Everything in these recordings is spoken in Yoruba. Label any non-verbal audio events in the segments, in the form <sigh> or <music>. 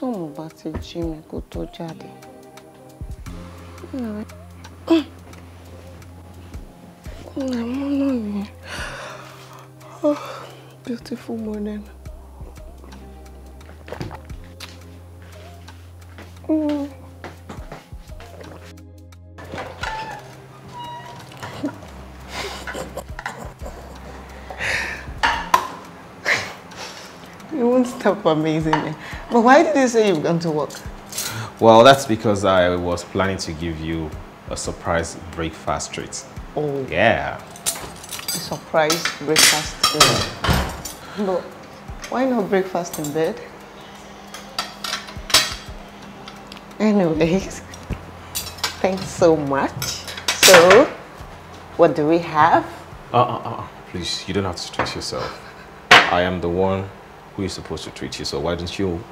tóun bá ti jí mi kó tó jáde. Lemon on Oh, beautiful morning. you won't stop amazing But why did you say you've gone to work? Well, that's because I was planning to give you a surprise breakfast treat. Oh. Yeah. A surprise breakfast treat. But why not breakfast in bed? Anyways, <laughs> thanks so much. So, what do we have? Uh, uh, uh, please, you don't have to stress yourself. I am the one who is supposed to treat you, so why don't you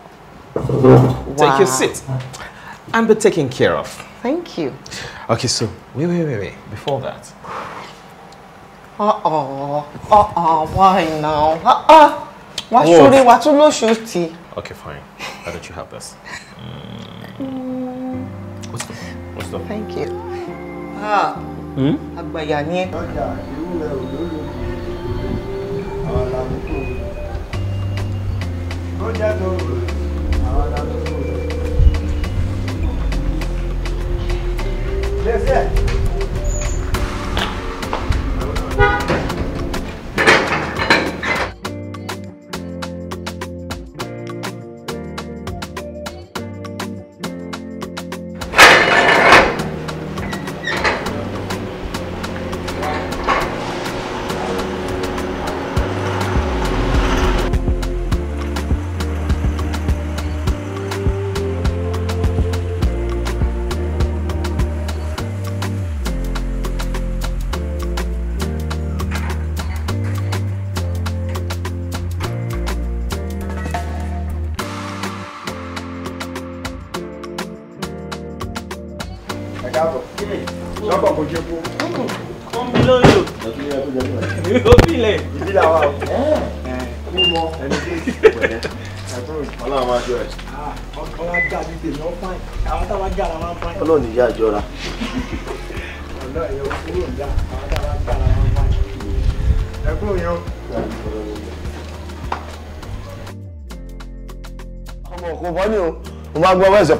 Take your seat and be taken care of. Thank you. Okay, so wait, wait, wait, wait. Before that. Uh-oh. Uh-oh. Why now? uh oh. What should we? What should we shoot? Okay, fine. Why don't you have this? Mm. What's the What's the Thank you. Hmm? Ah. Hmm? Agbayani.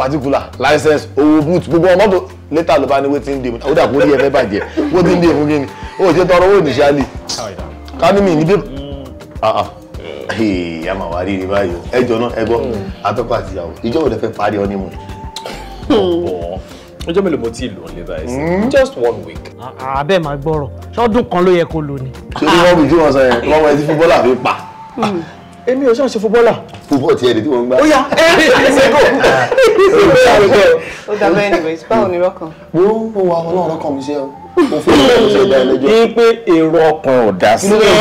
particular license owó boot gbogbo ọmọ tó later ló bá ní wetin dey ó dà kó rí ẹfẹ bàjẹ́ wetin dey fún kíni ó ṣe tọrọ owó initially kánìmí ní bí ah, ah. a máa wá rí rí báyìí o ẹjọ náà ẹgbọ hmm. afẹ́kọ̀ àtìyàwó ìjọ òde fẹ́ parí ọ ní mu. ọjọ́ mélòó mo ti lò ó lé báyìí sí hmm. just one week. Ah, abẹ́ máa gbọ́rọ̀ ṣọ́dún kan ló yẹ kó lò ní. ṣé wọ́n bí tí wọ́n sọ yẹn wọ́n wọ́n ti fúbọ́là fi pa. Hmm. èmi ò ṣàṣe fúbọ́là fúbọ̀ tiẹ̀ lè tí wọ́n ń gbá. ó yà ẹ ẹ ṣẹ́kọ̀. ó dàbẹ́ anyways <laughs> báwo ni rọ́kàn. mo mo wà ọlọ́run rọ́kàn mi ṣe o mo fi ìwé ìṣe ìdá ẹlẹ́jọ́. ní pé èrò ọkàn ò dá sí. mo fẹ́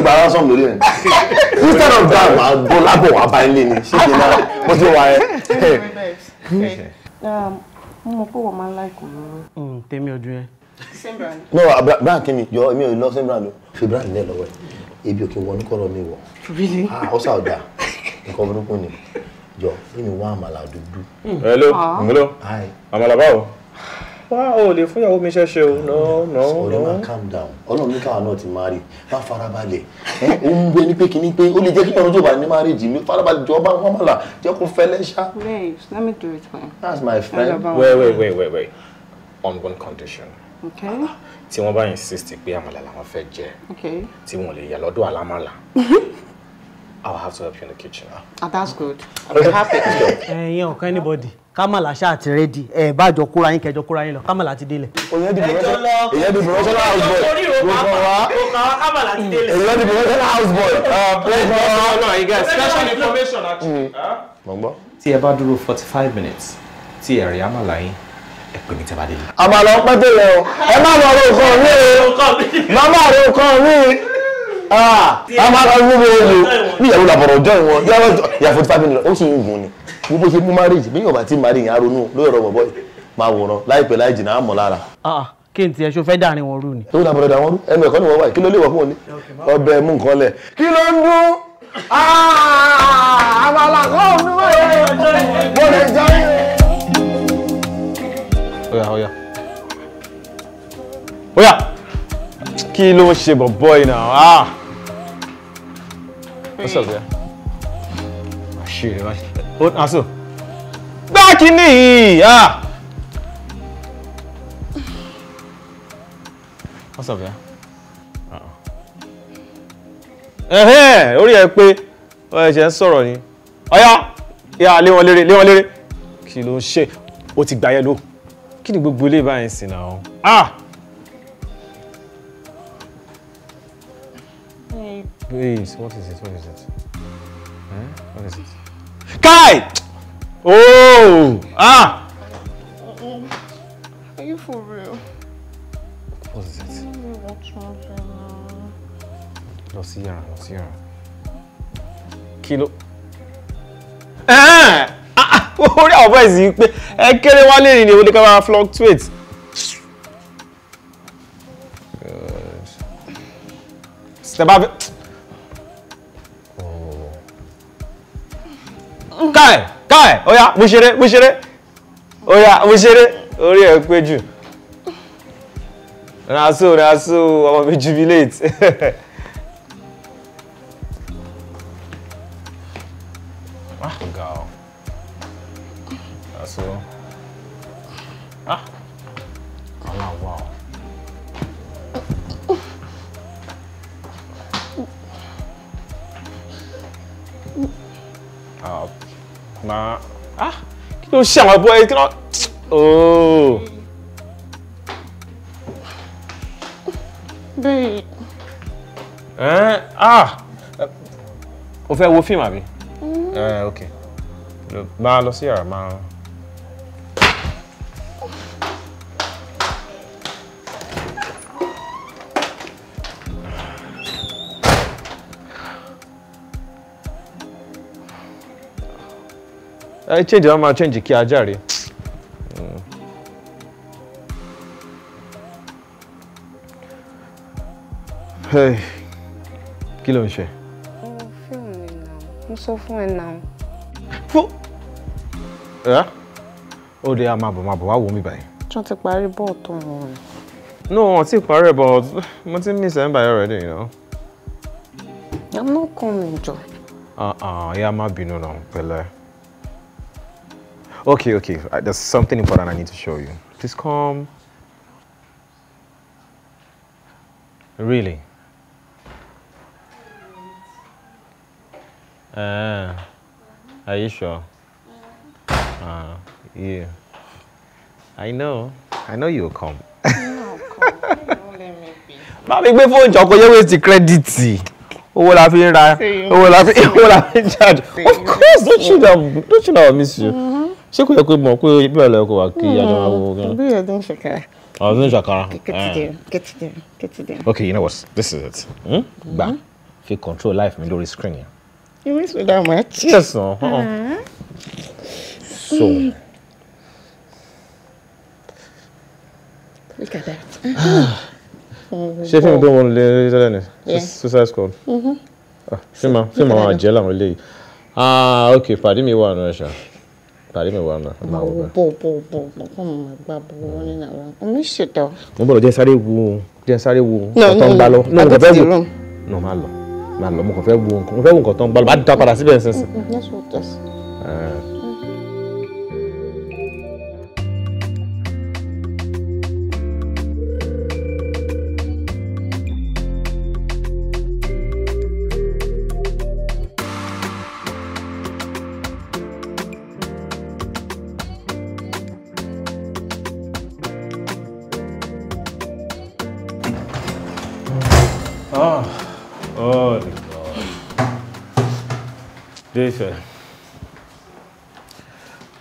gba ransom lórí ẹ̀. <laughs> instead of that màá gbọ́ lábọ̀ wá bá ilé ni ṣé kí n náà mo ti wà ẹ́. Hmm. Um, mo mọ̀ pé wọ́n máa ń láìkò lóró. Hmm, tèmi ọdún yẹn. no uh, brand kí ni jọ èmi ò lọ sí brand o fi brand lẹ́ lọ́wọ́ ẹ̀ ebi ò kí n wọnú kọ́rọ̀ mi wọ̀. ó sà nǹkan burúkú ni jọ kí ni wọ́n àmàlà dúdú. Hmm. hello ah. ngolo àmàlà báwo. wá o lè fún ìyàwó mi ṣẹ́ṣe o no no no. ọ̀rẹ́ máa calm down ọlọ́run ní káwọn náà ti máa rí bá farabalẹ̀ ó ń gbé ní pé kí ni pé ó lè jẹ́ kí ọ̀run tó bá ní máa rí jì mí farabalẹ̀ jọ bá wọn àmàlà jẹ́ kó fẹ́lẹ́ ṣá. let me do it for that's my friend. wait wait wait wait wait on one condition. okay tí wọ́n bá insist pé àmàlà làwọn fẹ́ Okay. tí wọ́n lè yà lọ́dọ̀ àlámàlà <laughs> I'll have to help you in the kitchen. Ah, ah that's good. I'll be happy. Ẹyin <laughs> eh, ọ̀kan anybody. Kamala ṣáà at ready. Ẹ eh, bá jọ kóra yín kẹjọ kóra yín lọ. Kamala ti délẹ̀. Ìyẹn di professional ìyẹn di professional house boy. Gbogbo wa. Kamala ti délẹ̀. Ìyẹn di professional house boy. Professional náà yìí guys special information mm. actually. Mo gbọ́. Tí ẹ bá dúró forty five minutes tí ẹ rí àmàlà yín ẹ pè mí tí a bá délé. Àmàlà ọpẹ́ tó lẹ o. Ẹ má lọ ro nǹkan mi. Má má ro nǹkan mi. Ah, a máa ra wúwo o ní ìyàwó làbọ̀rọ̀ ọjọ́ ìwọ̀n yàrá forty five million ó sì ń gùn ni gbogbo ṣe mú marriage bí yọ̀bà tí marry yẹn aronú lóyè rọ̀ bọ̀bọ̀ máa wòran láìpẹ́ láì jìnnà àmọ́ lára. Ah, kí n tiẹ̀ ṣo fẹ́ dàrin wọn rú ni. tó làbọ̀rọ̀ dà wọ́n rú ẹnu ẹ̀kọ́ ni wọ́n wà kí ló lè wọ̀ fún òní ọbẹ̀ mú nǹkan lẹ̀ kí ló ń dún ah, àmàlà kan ní wọ́n lè jẹ́ ọ̀yà ọ̀yà ọ̀yà kí ló ń ṣe bọ̀bọ̀ yìí náà What's up, yeah? Shit, man. What, Asu? Back in the ah. What's up, yeah? Ẹ̀hẹ́n, eh. ẹ pé ọ ẹ̀ṣẹ̀ ń sọ̀rọ̀ ni. Ọ̀yá, ìyá lé wọn léré, lé wọn léré. Kí ló ń ṣe? Ó ti gbáyé ló. Kí ni gbogbo ilé báyìí sìn náà? Ah! Please, what is it? What is it? Eh? What is it? Kai! Oh! Ah! Are you for real? What is it? No Sierra. No Sierra. Kilo. yàrá. Ah! What are you doing? I pé ẹ kéré you. ni ìwé ní ká máa fluctuate. Step up. káì káì ọ̀yá mo ṣeré mo ṣeré ọ̀yá mo ṣeré orí ẹ̀ pé jù rasu rasu mi jubilate. <laughs> ló ṣe àwọn ẹbọ ẹ kí ló. bẹ́ẹ̀. ẹ ah o fẹ́ wo fíìmù àbí. ẹ ok máa lọ sí yàrá máa. ẹ change wọn máa change kí ajá rè. kí ló ń ṣe. mo fíìmù mi náà mo sọ fún ẹ náà. fún ẹ ó lè máa bọ̀ máa bọ̀ wá wò mí báyìí. tí ti parí bọ́ọ̀ tó ń wọ̀ no wọn ti parí ẹ̀ but mo ti miss ẹ̀ ń báyọ̀ rẹ̀ I'm not coming, Joe. Uh-uh, yeah, I'm not being around, Pele. Okay, okay. Uh, there's something important I need to show you. Please come. Really? Uh, are you sure? Uh, yeah. I know. I know you'll come. Má <laughs> mi gbé fóònù jọ kó yẹ wéètì kírẹ́dìtì. Owó la fi ń ra. Owó la fi ń charge. Of course, don't you know, don't you know I miss you? Mm -hmm ṣé kò yẹ pé mọ̀ pé bẹ́ẹ̀ lọ́ọ́ kó wà kí hmm, ajá máa wo gan. bí ọdún ṣàkàrà. ọdún ṣàkàrà. kẹtìdìrín kẹtìdín kẹtìdín. okay you know what this is it. Hmm? gba hmm? fi control life mi lórí screen yẹn. you miss me that much. yes ah. uh-uh. so. look at that. <sighs> ṣé fíìmù uh-huh. tó ń wọlé tẹ́lẹ̀ ni suicide squad. Mm-hmm. Ah, ṣé màá ṣé màá jẹ́ làwọn eléyìí. ah okay pàdé mi wà nù ẹ̀ ṣáà. Tadi Wanda. Bọ̀wọ̀ bọ̀wọ̀ bọ̀wọ̀ kọ́ mọ̀ mọ̀ gba bọ̀wọ̀ ní nàrà. Omi ṣètò. Mo gbọ́dọ̀ jẹ́ sáré wo jẹ́ sáré wo ọ̀tọ̀ ń balo. lọ. Náà mo kàn fẹ́ wo. Náà má lọ má lọ mo kau fẹ́ wo nǹkan mo fẹ́ wo nǹkan tó ń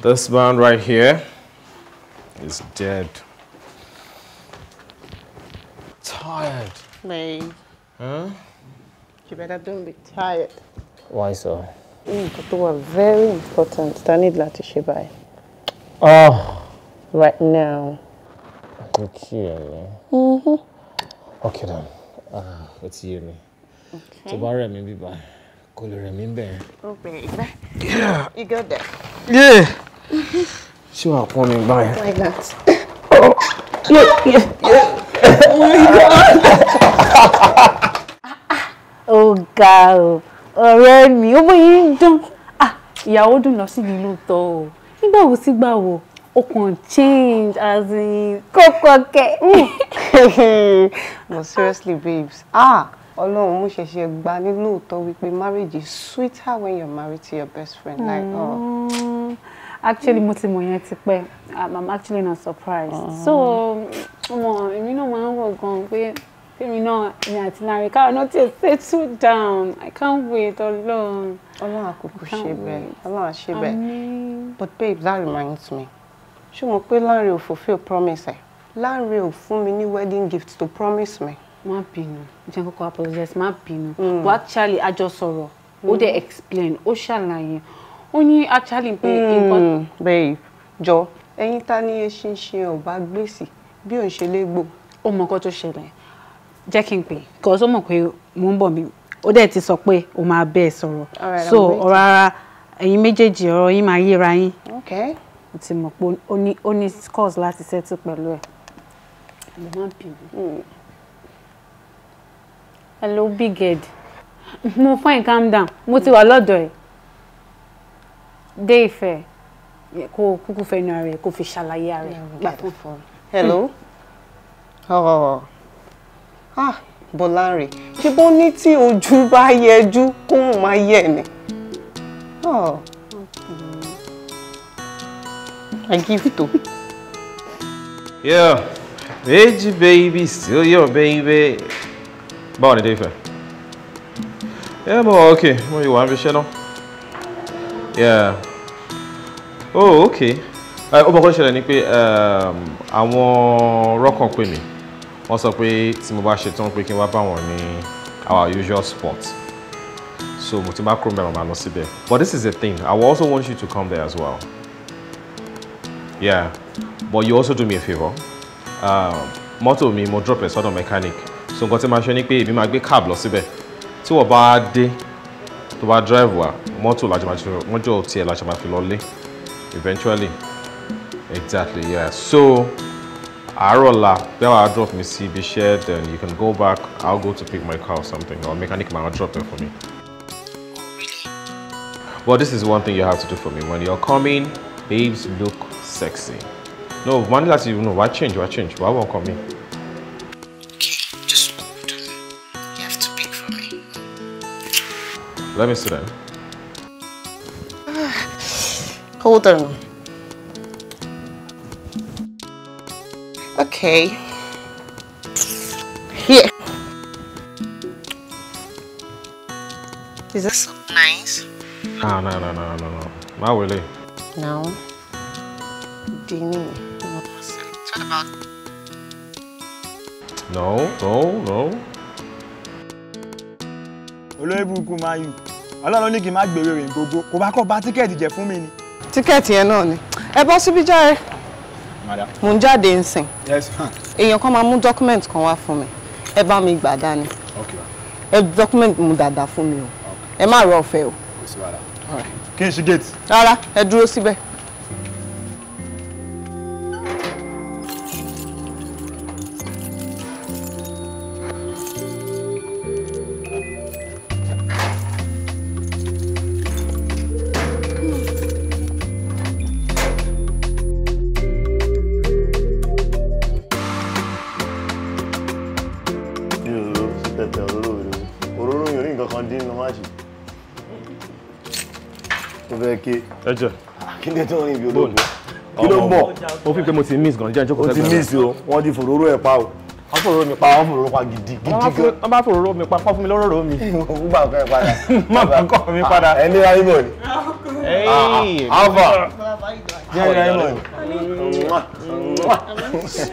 This man right here is dead. Tired. Man. Huh? You better don't be tired. Why so? Nǹkan mm, tó wà very important I need láti ṣe Oh. Right now. Okay. Mm-hmm. Okay then. Ah, let's hear me. Okay. Tó bá rẹ̀ mí bí báyìí, kò lè rẹ̀ mí bẹ́ẹ̀. Okay, you got that. Yeah. Ṣé wàá pọ́n mi gbá yẹn? Like that. Oh, yeah, yeah, yeah. Oh my God. Ọ̀gá o, ọ̀rẹ́ mi, ó bóyá ń dán. Ah, ìyàwó dùn lọ síbi lóòótọ́ o. Nígbà wo sígbà wo? o change as in kókó kẹ. No, seriously babes ah Ọlọ́run mo ṣẹ̀ṣẹ̀ gba ní lóòótọ́ wípé marriage is sweeter when you're married to your best friend like. Oh. Mm actually mo ti mọ̀ yẹn ti pẹ́ i'm actually not surprised uh ah. -huh. so ọmọ èmi náà máa ń wọ̀ gan pé èmi náà èmi àti Lanre káwọn náà ti settle down i can't wait ọlọ́run. ọlọ́run àkókò ṣe bẹ́ẹ̀ ọlọ́run ṣe bẹ́ẹ̀ but babe that reminds me ṣé mo pé Lanre ò fulfil promise ẹ̀ Lanre ò fún mi ní wedding gift to promise me. má bínú jẹ́ kókó apologize má bínú hmm. but actually a jọ sọ̀rọ̀ ó hmm. dẹ̀ explain ó ṣàlàyé. Mm ó ní actually pé nǹkan. Hmm, babe jọ ẹyin ta ni eṣin ṣe ọba gbèsè bí òun ṣe lè gbò. ó mọ nǹkan tó ṣẹlẹ̀ jẹ́ kí n pè kọ́ sọ mọ̀ pé mò ń bọ̀ mi ó dẹ̀ ti sọ pé ó máa bẹ́ẹ̀ sọ̀rọ̀ so ọ̀rọ̀ ara ẹ̀yin méjèèjì ọ̀rọ̀ yín máa yéra yín mo ti mọ̀ pé ó ní scores láti settle pẹ̀lú ẹ̀ mo máa ń pè mí. Hmm. hello big head mo fine calm down mo ti wà lọ́dọ̀ ẹ̀ dé ìfẹ́ kó kúkú fẹnu ara rẹ̀ kó fi ṣàlàyé ara rẹ̀ gbà tó fọ. hello ọ̀rọ̀ hmm. oh, oh, oh. ah Bọ́láńrè ṣé bó ní tí ojú bá yẹjú kóun máa yẹ ni. Oh. I give to. Yeah. Veggie baby, still your baby. Báwo ni Dave? Yeah, mo okay. Mo yìí wà ń fi ṣẹ́ Yeah oh okay eh, ó bọ́ kọ́ ṣẹlẹ̀ ni pé ehm, àwọn rọ́kàn pè mí wọ́n sọ pé tí mo bá ṣe tán pé kí wá bá wọn ní our usual spot so mo ti máa kúrò mẹ́rin màá lọ síbẹ̀ but this is the thing I also want you to come there as well yeah but you also do me a favour ehm, mọ́tò mi mo drop ẹ̀ sọ́dọ̀ mechanic so nǹkan tí màá ṣe ni pé èmi máa gbé cab lọ síbẹ̀ tí wọ́n bá dé tó bá drive wa mọ́tò làjọ tiẹ̀ làjọ máa fi lọ lé. eventually exactly yeah so arola Then i drop me cb share then you can go back i'll go to pick my car or something or mechanic man will drop there for me Well, this is one thing you have to do for me when you're coming babes look sexy no one last you know why change why change why won't come in Let me see down. Hold on. Okay. Here. Is this so nice? No, no, no, no, no, no. Not really. No. Dini. What about? No, no, no. olóyè burúkú máa yù ọlọ́run ní kí n má gbèrè rìn gbogbo kò bá kọ́ bá tíkẹ́ẹ̀tì jẹ fún mi tíkẹ́ẹ̀tì yẹn náà ni ẹ bọ́ síbí járe mo ń jáde nsìn èèyàn kan máa mú document kan wá fún mi ẹ bá mi gbà dání ẹ document mu dáadáa fún mi o ẹ má rọ ọ̀fẹ́ o. kí n ṣí gate. rárá ẹ dúró síbẹ̀. ó fi pé mo ti miss gan jẹ́ ìjókòó sẹ́gbẹ̀rún. o ti miss o wọ́n di fòróró ẹ̀ pa o wọ́n fòróró mi pa wọ́n fòróró pa gidi gidi gan. wọ́n bá fòróró mi pa kọ́ fún mi lọ́rọ̀ mi. <laughs> mo bá <laughs> kọ́ mi padà. Ah, mo bá kọ́ mi padà. ẹni ayé bọ̀ ni. Hey, Alva. Yeah, yeah, yeah.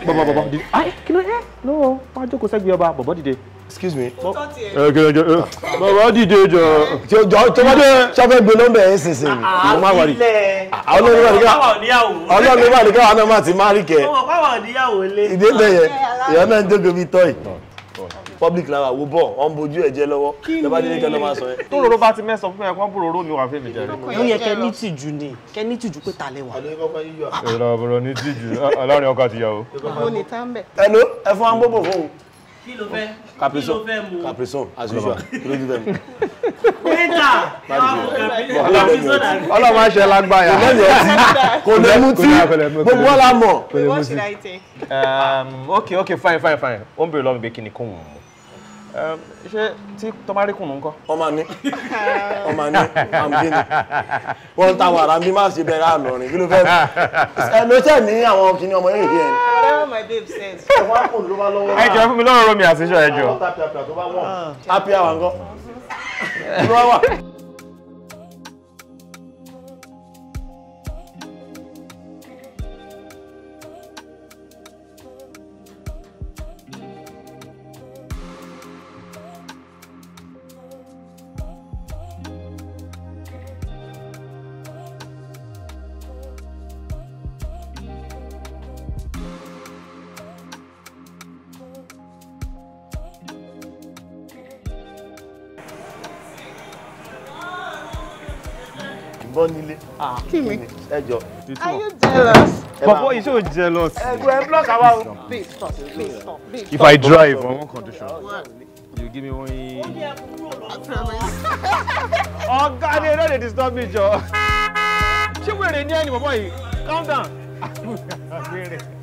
Baba, baba, did I? Can I? No, má jókòó sẹ́gbẹ̀ẹ́ ọba. Baba, dìde. Excuse me. Baba, dìde jọ. Jọ, jọ, jọ. Ṣáfẹ́ gbé nọ́mbà ẹ̀ ṣinṣin. Ah, ah, Mo máa wà rí. Ah, ọlọ́run bá nìkan. Ọlọ́run bá nìkan. Àwọn ọmọ ti máa rí kẹ. Ọmọ pàwọ̀ níyàwó lé. Ìdébẹ̀yẹ. Ìyá náà ń jókòó bí tọ́yì public la wà wo bọ̀ ọ̀ ń bojú ẹ̀ jẹ́ lọ́wọ́ lọ́ba délé kẹ́ ló máa sọ yẹn. tó roró bá ti mẹ́sàn fún ẹ kán bó roró mi wà fún mi jẹ. ó yẹ kẹ ní tìjú ni kẹ ní tìjú pé ta lẹ wà. ìlọ ọ̀rọ̀ ní tìjú ọlọ́rin ọkọ àti ìyàwó. mo ní tá ń bẹ̀. ẹnu ẹ fún wa ń bóbò fún un. kí ló fẹ́ caprison as usual kí ló fẹ́ mu. pétà ọlọ́mọ àṣẹ lágbáyà kò lè mu tí gbogbo ọ̀la mọ̀. Um, ok ok fine fine fine ó ń bèrè lọ́wọ́ mi pé kí ni kò wù ú ṣé tí tọ́márì kùnú ńkọ́. ọmọ ní ọmọ ní àmì ní wọn ń ta wàrà bí má ṣe bẹ̀rẹ̀ àlọrin kí ló fẹ́ ẹ ló tẹ̀ ní àwọn kìnìún ọmọ yẹn yìí ẹ. ẹ jọ fún mi lọ́rọ̀ mi àṣìṣọ ẹ jọ. happy hour ńkọ́. Ah. Are you jealous? Papa, you so jealous. Ẹ block àwa o. stop, Please stop, babe stop. If I drive on one condition. You give me one. Oh God, they don't disturb me, Joe. <laughs> Ṣé wèrè ni ẹni boy. Calm down. <laughs>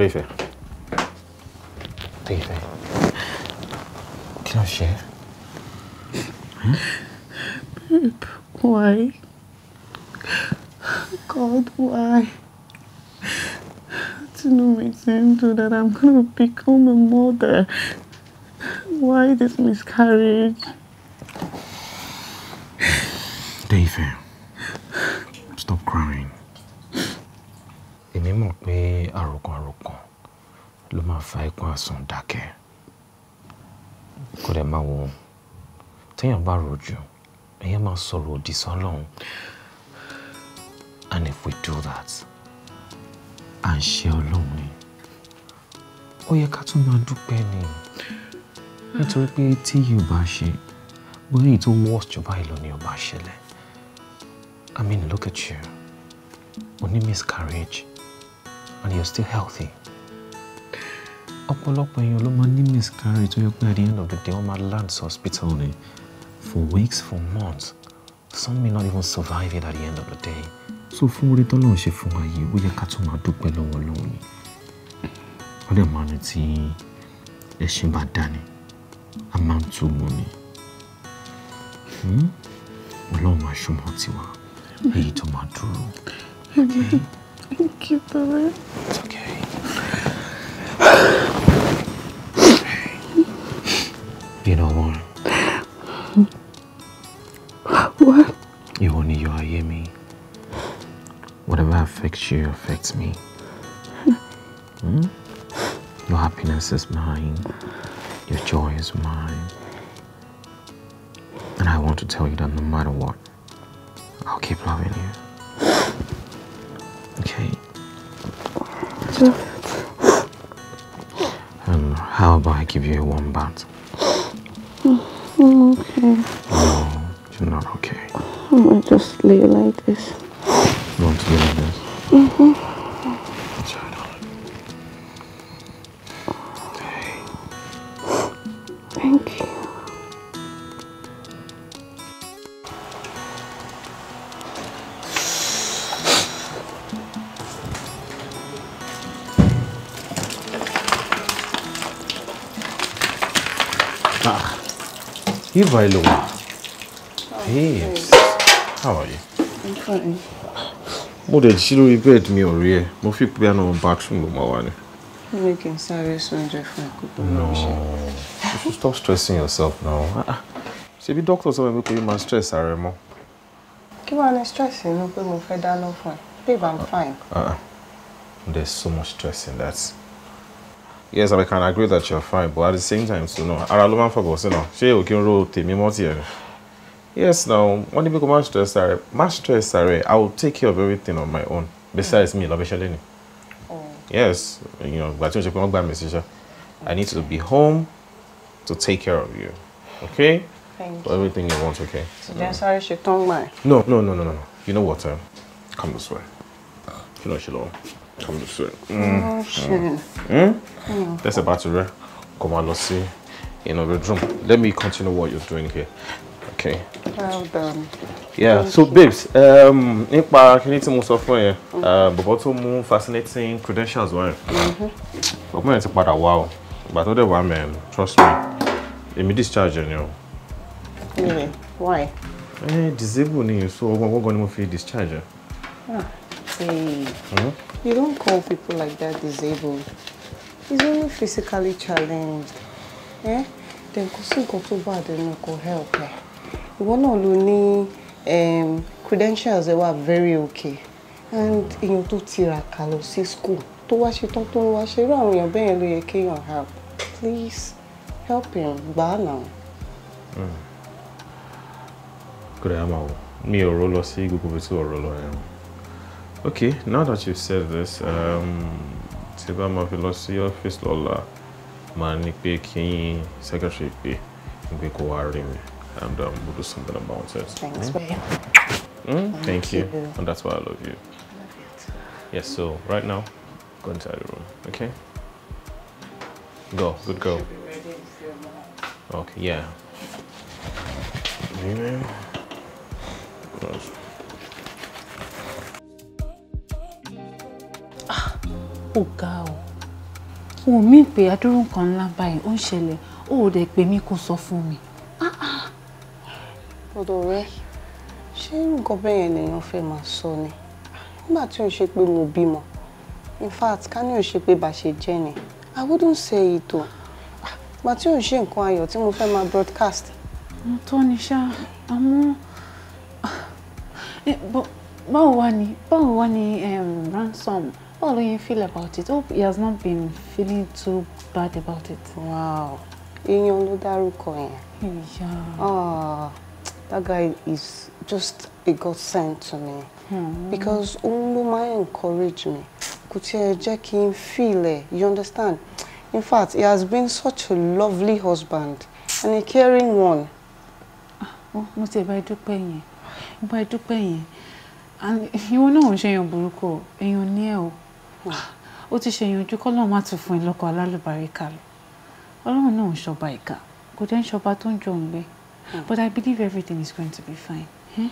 Beefy. Beefy. Can I share? Hmm? Why? God, why? To know it's sense that I'm gonna become a mother. Why this miscarriage? téèyàn bá rojú èèyàn máa sọ̀rọ̀ òdì sọ́lọ́run and if we do that à ń ṣe ọlọ́run ni ó yẹ ká tún máa dúpẹ́ ni nítorí pé tí yóò bá ṣe bóyá èyí tó wọ́ ìjọba ìlú ni ọba ṣẹlẹ̀ I mean look at you o ní miscarriage and you're still healthy ọ̀pọ̀lọpọ̀ èèyàn ló máa ní miscarriage tó yẹ pé at the end of the day wọ́n máa land hospital ni. Mm -hmm for weeks, for months. Some may not even survive it at the end of the day. So fún orí tọ́lọ́run ṣe fún wa yìí, ó yẹ ká tún máa dúpẹ́ lọ́wọ́ Ọlọ́run ni. Wọ́n dẹ̀ máa ní tí ẹṣin bá dání, a máa ń tú mọ́ ni. Hmm? Ọlọ́run máa ṣùgbọ́n tiwa, èyí tó máa dúró. Thank you, Baba. It's okay. <sighs> you know what? issue affects me. hmm? Your happiness is mine. Your joy is mine. And I want to tell you that no matter what, I'll keep loving you. Okay? And how about I give you a warm bath? I'm okay. No, you're not okay. I might just lay like this. You want to lay like this? hmm on. Thank you. Ah, hier bei Loma. Hey. mo dẹ̀ jí lórí bed mi ò rí ẹ mo fi pé àná bathroom ló máa wà ní. mi kì í sáré sóúnjẹ fún àkókò mi ṣe. you should stop stressing yourself now. Ah, ah. ṣebí doctor sọ pé kò yí máa stress ara ẹ mọ́. kí wàá ní stress inú pé mo fẹ́ dáná fún ẹ babe i'm fine. Uh-uh. there's so much stress in that. yes i can agree that you're fine but at the same time so no ara ló máa ń fọ̀bọ̀ sí náà ṣé òkè ń ro tèmi mọ́ tiẹ̀ ni. Yes, now, when you become master má stress master rẹ̀, I will take care of everything on my own. Besides me, love, ṣẹlẹ̀ oh. Yes, you know, ìgbà tí mo ṣe pé wọ́n gbà mí I need to be home to take care of you. Okay? Thank For you. everything you want, okay? So then, sorry, she don't No, no, no, no, no. You know what? Uh, come this way. You know, she Come this way. Mm. Oh, mm? Mm. That's about to Come on, let's see. In our bedroom. Let me continue what you're doing here. okay. well done. yeah Thank so you. babes um, nípa kíní tí mo sọ fún ẹ uh, bọ̀bọ̀ tó mú fascinating credentials wọn mm-hmm. ọgbọ́n yẹn ti padà wá o ìgbà tó dẹ̀ wá mẹ́rin trust me èmi discharge ẹ ni o. really why. Eh, disable ni so ọgbọ́n gbọ́ngàn ni mo fi discharge ẹ. Ah, hey. Mm-hmm. You don't call people like that disabled. He's only physically challenged. Eh? Then kò sí so bad, then àdéhùn kò help ẹ. Eh? ìwọ náà ló ní credentials ẹ wà very okay and èèyàn tó tiraka lọ sí school tó wá ṣetán tó ń wá ṣe irú àwọn èèyàn bẹ́ẹ̀ ló yẹ kéèyàn help please help him gbà á nà. Hmm. kódà á máa wọ mi ò rò lọ sí gbogbo ibi tí ò rò lọ ẹ̀ Okay, now that you've said this, um, tí bá máa fi lọ sí ọ́fíìsì lọ́la, màá ní pé kí yín secretary pé n pé kó wá rí mi and um, we'll do something about it. Thanks, babe. Mm, hmm? thank, thank you. you. And that's why I love you. Yes, so right now, go inside the room, okay? Go, good girl. Okay, yeah. Amen. Close. Ah, ó ga o. Wọ́n mi pé adúrú nǹkan ńlá báyìí ó ń ṣẹlẹ̀, ó ò dẹ̀ pè mí kó sọ ọ̀dọ̀ rẹ ṣé nǹkan bẹ́ẹ̀ yẹn lèèyàn fẹ́ máa sọ ni nígbà tí ò ń ṣe pé mo bímọ in fact ká ní ò ṣe pé bá ṣe jẹ́ ni I wouldn't say it o ìgbà tí ò ń ṣe nǹkan ayọ̀ tí mo fẹ́ máa broadcast. mo tọ́ ni ṣá àmọ́ eh, báwo wá ni báwo wá ni ransom báwo ló yẹn feel about it hope he has not been feeling too bad about it. wow èèyàn ló dárúkọ yẹn. ìyá. Ah that guy is just a godsend to me. Mm. Because òun ló encourage me. Kò tiẹ̀ jẹ́ feel ẹ̀, you understand? In fact, he has been such a lovely husband and a caring one. Ah, oh, mo ti bá dúpẹ́ yẹn, mo bá dúpẹ́ yẹn. Ìwọ náà ò ṣe èèyàn burúkú o, èèyàn ní ẹ̀ o. Ah, ó ti ṣe èèyàn ojú kọ́ lọ́run má tún fún ẹ lọ́kọ̀ alálùbáríkà lọ. Ọlọ́run náà ń ṣọba ìkà, Mm. But I believe everything is going to be fine. Hmm?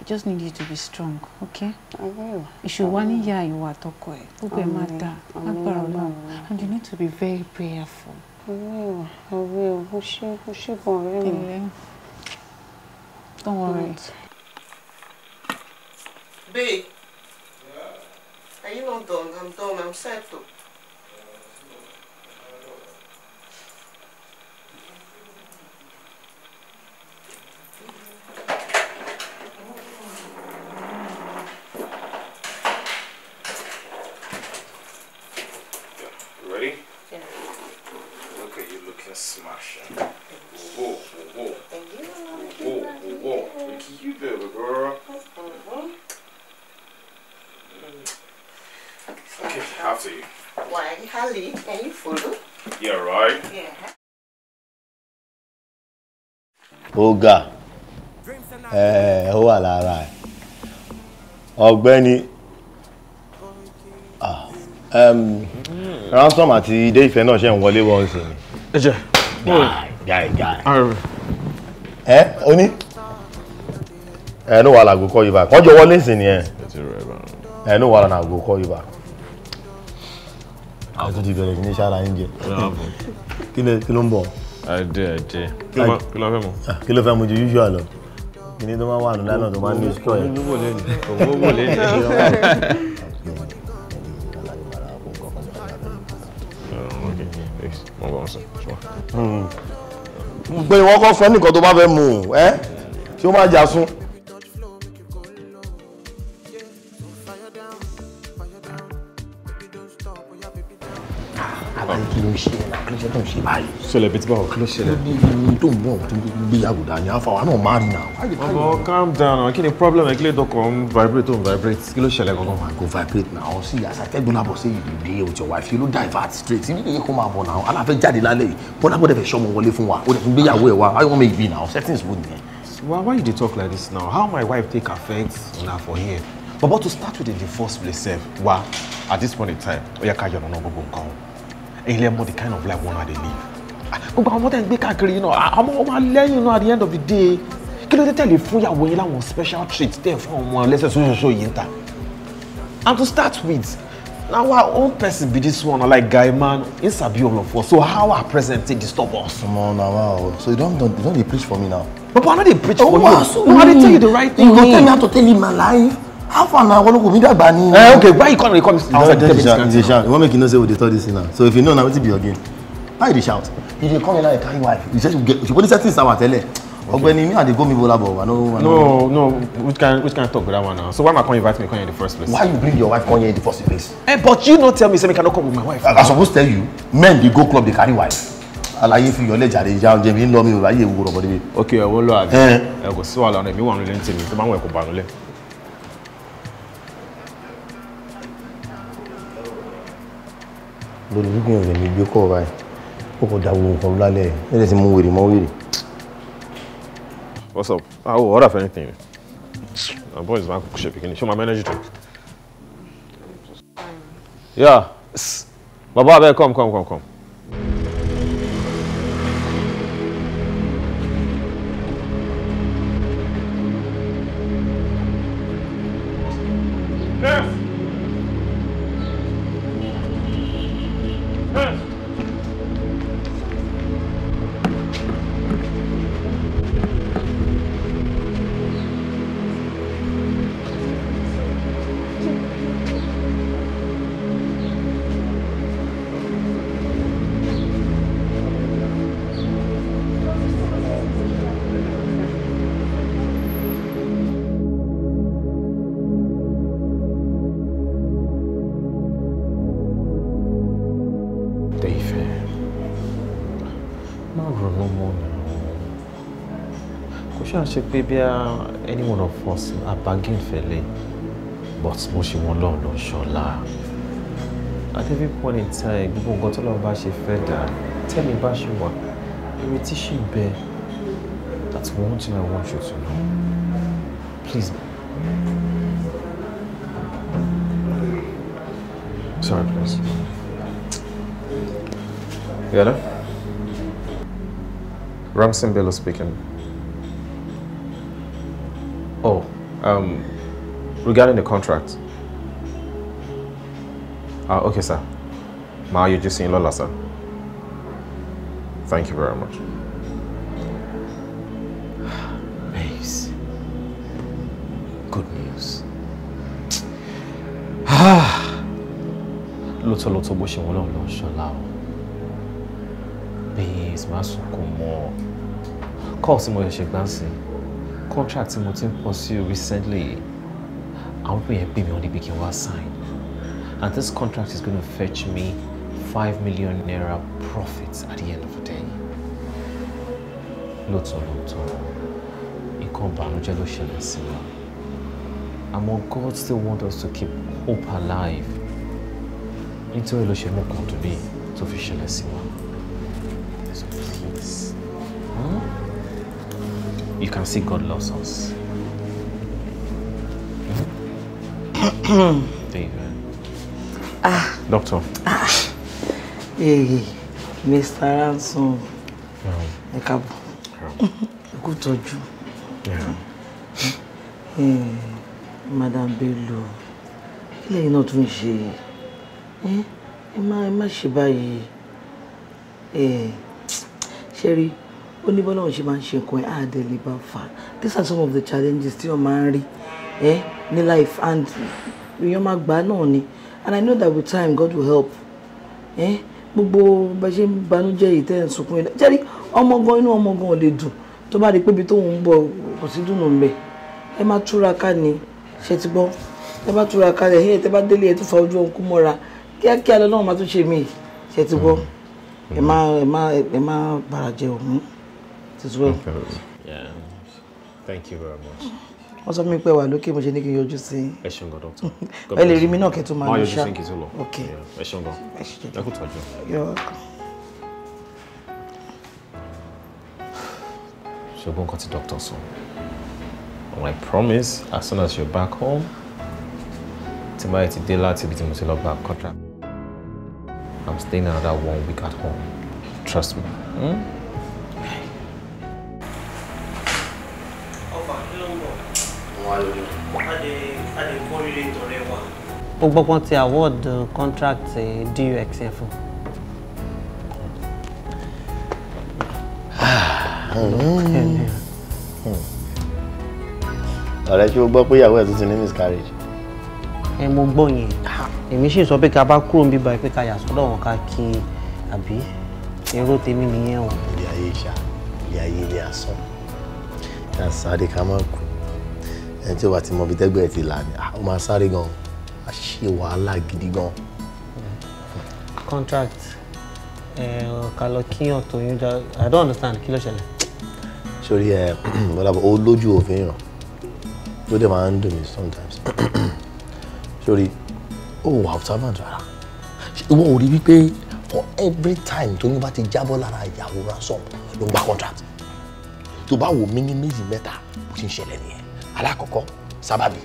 I just need you to be strong, okay? I will. you ya ìwà àtọkọ ẹ̀. Gbogbo ẹ̀ máa dà lágbára Ọlọ́run. And you need to be very prayerful. I will. I will. Ó ṣe ó ṣe Don't worry. Babe, yeah. are you not done? I'm done. I'm set up. oga a ẹ ó wà lára ẹ ọ̀gbẹ́ni ah, ransom àti ilé ìfẹ́ náà ṣe ń wọlé wọ́n sí ni. ẹ jẹ guy guy. ẹ oní ẹ ní wàhálà àgùkọ yìí bá kọjọ wọlé sí ni ẹ ẹ ní wàhálà àgùkọ yìí bá ti bẹ̀rẹ̀ ní sára ń jẹ kí ló ń bọ̀. àdé àdé kí ló fẹ́ mu. Ah, kí ló fẹ́ mu ju usual lọ kíní tó máa wà nù lánàá tó máa ń ní straw yẹn. owó lè ní owó wò lè ní. pé wọ́n kọ́ fún ẹnìkan tó bá fẹ́ mu ẹ́ tí ó máa jà sún. ṣẹlẹ̀ bíi ti báwo. kí ló ṣẹlẹ̀ ní tó ń bọ̀ tó gbéyàwó dání àfàwọn náà máa rí nà. ọmọ calm down kí ni problem ẹ kí lè dọkọ ń vibrate tó ń vibrate kí ló ṣẹlẹ̀ gangan. ọmọ oh àgọ́ vibrate náà ọ sí àṣàtẹ́gbọ́n náà bọ̀ sí ìdílé òjò wa fi ló divert straight ibi yìí kó máa bọ̀ náà aláfẹ́ jáde lálẹ́ yìí bọ́dà bọ́dà fẹ́ ṣọmọ wọlé fún wa ó dẹ̀ fún gbéyàwó ẹ̀ wa ayọ̀ mi ìbí náà settings wo nìyẹn. why why you talk like this now how my wife take affect una for here baba to start with in the first place sef wa at this point in time Oya yẹ ká yọ̀nà náà gbogbo nǹkan o lè mọ the kind of life one dey live gbogbo àwọn ọmọ tẹ̀ ń gbé káàkiri yìí náà àmọ́ ọmọ lẹ́yìn náà at the end of the day kí ló dé tẹ̀lé fún ìyàwó yín láwọn special treat tẹ̀ fún ọmọ ẹlẹ́sẹ̀ sóṣooṣo yìí ń ta and to start with na our own person be this one like guy man he sabi all of us so how our present take disturb us. come on na wow so you don you don dey preach for me now. papa i no dey preach oh, for wow, you so i dey tell you the right thing. you go tell me how to tell him my life how far na wolowo mi dàgbà ni. ẹ eh, ok why you come dey come outside tell me this kind you wan make you know say we dey talk this thing now so if you know na wetin be your game. Why you dey shout you dey come in now you carry wife you say you go dey settle sama tẹ́lẹ̀ ọ̀gbẹ́ni me and the gomi bola but i no. no no which kind which kind talk be that one now so why my con invite me come here in the first place. why you bring your wife come here in the first place. Eh, but you no tell me say me cannot come with my wife. i suppose tell you men dey go club dey carry wife alaye fi yọlẹ jàre ja oúnjẹ mi ń mi ò ráyè ewu rọbọ níbi. ok ẹ lọ àbí eh. ẹ kò sí wàhálà ọ̀nà èmi wà nílé ní tèmi tó bá wọn ẹ kò bà nílé. lórí gbígbìyànjú mi gbé kọ́ báyìí ó kò dàwọ̀ nǹkan lálẹ́ ẹ̀ ẹ̀ ti mú wèrè mọ́ wèrè. what's up ah oh order for anything my boy is back ṣe pikin show my manager to. yeah baba abeg come come come come. ṣe pé bí any one of us a bargain fẹ́lẹ̀ but mo ṣe wọn lọ́ọ̀ lọ ṣọlá at every point in time gbogbo nǹkan tó lọ́wọ́ bá ṣe fẹ́ dà tẹ́mi bá ṣe wà ìrètí ṣì bẹ that's one thing I want you to know please. Sorry, please. Hello? Ramson Bello speaking. Um, regarding the contract. Uh, okay, sir. Ma, you're just seeing Lola, sir. Thank you very much. Babes. Good news. Lóòótọ́ Lots bó ṣe wọ́n lọ́wọ́ lọ́wọ́ ṣọlá o. Babes, má sunkún mọ́. Kọ́ọ̀sì mo ṣẹ̀ṣẹ̀ gbáǹsì contract tí mo ti ń pursue recently àwọn pè yẹn pè mí wọ́n ní pé kí n wá sign and this contract is gonna fetch me five million naira profit at the end of the day lóòótọ́ lóòótọ́ nǹkan ìbànújẹ́ ló ṣẹlẹ̀ sí wa àmọ́ God still want us to keep hope alive nítorí ló ṣe mú kan tó bí tó fi ṣẹlẹ̀ sí wa. can see God loves us. Amen. Ah. Doctor. Ah. Hey, Mr. Ransom. Ẹ káàbọ̀. Ẹ kú tọ́jú. Madam Bello, kí lẹ́yìn náà tún ṣe? Ẹ má ṣe báyìí. Ṣé Sherry ó ní bọ́lá òun ṣe máa ń ṣe nǹkan ẹ̀ á dẹ̀ lè bá fà these are some of the challenges tí wọ́n máa ń rí ẹ́ eh, ní life and èèyàn máa gbà á náà ni and I know that with time God will help ẹ́ eh, gbogbo bá ṣe ń banújẹ́ yìí tẹ́ ẹ̀ ń sunkún yìí jẹ́rí ọmọ gan inú ọmọ gan ò lè dùn tó bá rí i pé ibi tóun ń bọ̀ kò sí dùnú mbẹ̀ ẹ má túraká ni ṣe ti gbọ́ ẹ bá túraká ẹ ẹ tẹ́ bá délé ẹ tún fa ojú ọkùn mọ́ra kíákíá lọ́nà máa tún ṣe mí ṣe ti gbọ́ ẹ má ẹ má ẹ má bàrà jẹ òun it is well. Yeah. thank you very much. wọ́n sọ fún mi pé wà lókè mo ṣe ní kí n yọjú sí. ẹ ṣeun gan dọ́kítọ̀. <laughs> ẹ lè rí mi náà kẹ́tù máa lọ ṣá. máa yọjú sí kí n tó lọ. ok ẹ ṣeun gan. ẹ kú tọ́jú. ṣùgbọ́n nǹkan tí dọ́kítọ̀ sọ I promise as soon as you're back home tí báyìí ti dé láti ibi tí mo ti lọ gba contract I'm staying another one week at home trust me. Hmm? nítorí wọn. gbọ́ pọ́n ti award contract dux yẹn fún. ọ̀rẹ́ ṣé o gbọ́ pé ìyàwó ẹ̀ tuntun ní miscarriage. ẹ mo gbọ́ yẹn èmi sì sọ pé ká bá kúrò níbi báyìí pé ká yà sọ́dọ̀ wọn ká kí àbí èrò tèmi nìyẹn o. ilé ayé ìṣá ilé ayé ilé asán ìyá sáà ká máa kú ẹni tí ó bá ti mọ ibi tẹ́gbẹ́ ti là ní ó máa sáré gan a ṣe wàhálà gidi gan. contract ọ̀ka lọ kíyàn tó i don't understand kí ló ṣẹlẹ̀. sori ẹ <clears throat> bọ́dà bọ́ olójú òfin ràn ló dé máa ń dùn mí sometimes sori <clears throat> ó wà observant rárá ìwọ ò rí wípé for every time tó ní bá ti jábọ́ lára ìyàwó ransom ló ń gba contract tó bá wò mí ní méjì mẹ́ta bó ti ń ṣẹlẹ̀ nìyẹn alákọ̀ọ́kọ́ sábàbí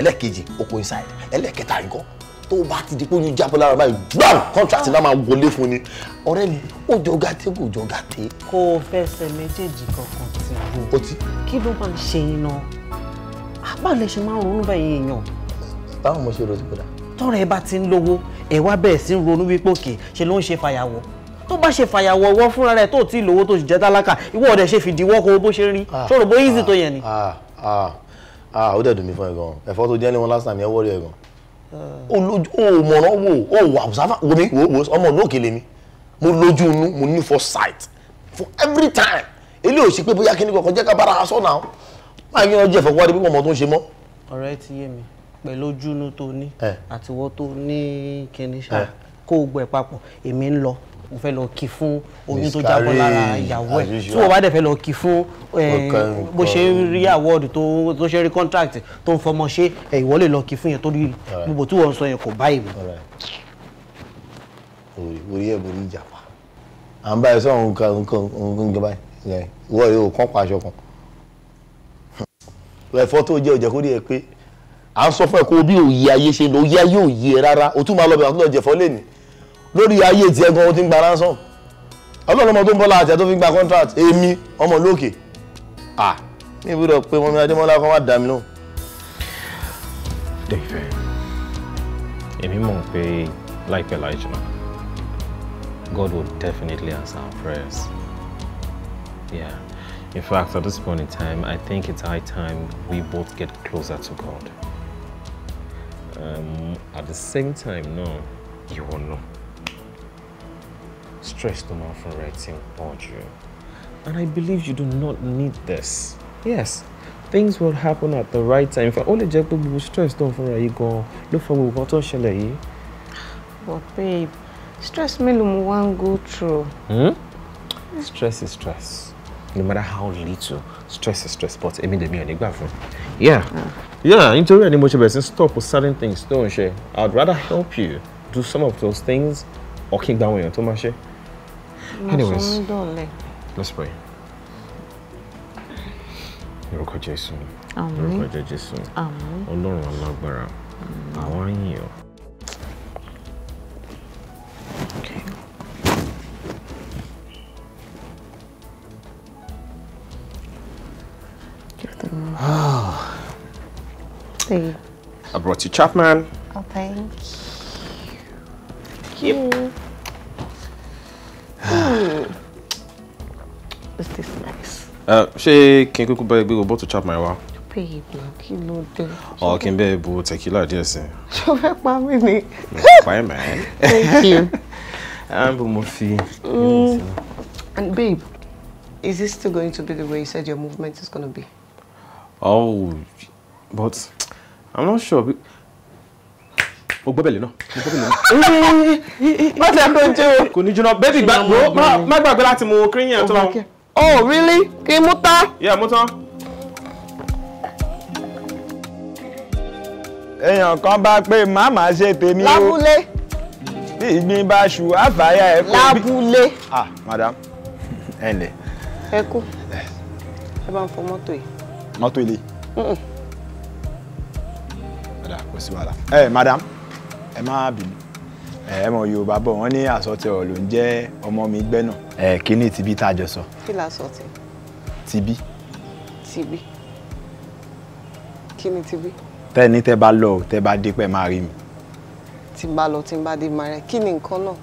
ẹlẹ́ẹ̀kejì oko inside ẹlẹ́ẹ̀kẹta nǹkan tó bá ti di pé oyún lára báyìí drum contract náà máa wọlé fún ni ọ̀rẹ́ mi ó jọ gàtẹ́ kò jọ gàtẹ́. kò fẹsẹ̀ méjèèjì kankan ti wò ó ti. kí ló máa ń ṣe iná àbálẹ̀ ṣe máa ń ronú báyìí èèyàn. báwo mo ṣe ròtí padà. tọrọ ẹ bá ti ń lówó ẹ wá bẹ̀rẹ̀ sí ronú wípé òkè ṣe ló ń ṣe fàyàwọ́ tó bá ṣe fàyàwọ́ ọwọ́ fúnra rẹ̀ tó ti lówó tó sì jẹ́ tálákà ìwọ ọ̀dẹ̀ ṣe fìdíwọ́ kó bó ṣe rí ah, ṣòro bó easy ah, tó yẹn ni. Ah, ah ó dẹ̀ dùn mí fún ẹ gan ẹ̀fọ́ tó jẹ́ ní wọn last time yẹn worry ẹ gan olójú o mọ̀ràn wò o wà observer wo mi wo ọmọ ìlú òkèlè mi mo lójú inú mo ní foresight for every time ilé ò sí pé bóyá kí ni kankan jẹ́ ká now. aṣọ náà máa yín ọjọ́ ìfọwọ́ adé pípọ̀ ọmọ tó ń ṣe mọ́. ọ̀rẹ́ ti yé mi pẹ̀lú ojúnú tó ní àtiwọ́ tó ní kíní ṣáà kó o gbọ́ ẹ̀ papọ̀ èmi ń lọ o fẹ́ lọ kí fún oyún tó jábọ́ lára ìyàwó ẹ̀ tí o bá dẹ̀ fẹ́ lọ kí fún bó ṣe ń rí award tó ṣe ń rí contract tó ń fọmọ ṣe ìwọ lè lọ kí fún yẹn torí gbogbo tí wọ́n sọ yẹn kò báyìí mu. orí ẹ̀ borí ìjà pa à ń báyìí sọ̀rọ̀ nǹkan nǹkan nǹkan báyìí ìwọ yóò kán pa aṣọ kan ẹ̀fọ́ tó jẹ́ òjẹ̀kórí ẹ̀ pé à ń sọ fún ẹ kó bí òye ayé ṣe lò òye ayé òye rárá o tún máa lọ bẹ̀rẹ̀ àtúntò jẹ̀fọ́ lẹ́nìí lórí ayé tiẹ̀ gan o ti ń gba ransom ọlọ́run tó ń bọ́lá àti àtọ́ gba contract èmi ọmọ lókè ah mi ìbúdọ̀ pé mọ́mí adémọ́lá kan wá dà mí lóhùn. David èmi mọ̀ pé láìpẹ́ láì God will definitely answer our prayers. Yeah. In fact, at this point in time, I think it's high time we both get closer to God. Um, at the same time, no, you will know stress tó máa fún rẹ ti ń and I believe you do not need this yes things will happen at the right time If I only just pé gbogbo stress tó for fúnra yìí look for ló fa gbogbo nǹkan tó but babe stress me, mo one go through. Hmm? stress is stress no matter how little stress is stress but èmi dèmi ò ní gbà fún. yeah hmm. yeah nítorí ẹ̀ ni mo ṣe bẹ̀rẹ̀ sí stop with certain things Don't ń I'd rather help you do some of those things or kí n gba àwọn èèyàn Anyways, let's pray. Lórúkọ Jésù. Lórúkọ jẹ́ Jésù. Ọlọ́run alágbára. Àwa yìn ọ́. Hey. I brought you Chapman. Oh, thank you. Thank you. Hmm. This tastes nice. Uh, ṣé kí n kúkú bẹ́ẹ̀ gbé bottle chap my wa? Pay kí ló dé? Ọ̀ kí n bẹ́ẹ̀ bu tequila díẹ̀ sí. Ṣo fẹ́ pa me ni? Pa ẹ̀ mẹ́. Thank you. À ń bu mo hmm. And babe, is this still going to be the way you said your movement is gonna be? Oh, but I'm not sure mo gbọ́ bẹ̀lẹ̀ náà mo gbọ́ bẹ̀lẹ̀ náà. <laughs> Eh, eh, eh, má ti àkójọ jẹ́ o. kò ní jóná bẹ́ẹ̀ ti mo' wo má gbàgbé láti mu kíríyàn tó bá oh really kí n mú tán. yẹ mú tán. èèyàn kan bá pé màmá ṣe tèmi o. lábúlé. bí ìgbín bá ṣù àfàyà ẹ kó bí. lábúlé. ah madam ẹ ǹlẹ́. ẹ kú ẹ bá ń fọ mọ́tò yìí. mọ́tò ilé. madam kò sí wàhálà. ẹ madam ẹ má bínú ẹ mọ yorùbá bọ̀ wọ́n ní àsọtẹ ọ̀rọ̀ ló ń jẹ́ ọmọ mi gbẹ́ náà ẹ kíní tibí tá a jọ sọ. kí la sọ tẹ. tibí. tibí kí ni tibí. tẹ́ ní tẹ́ bá lọ tẹ́ bá dé pẹ́ máa rí mi. tí n bá lọ tí n bá dé máa rẹ kí ni nǹkan náà.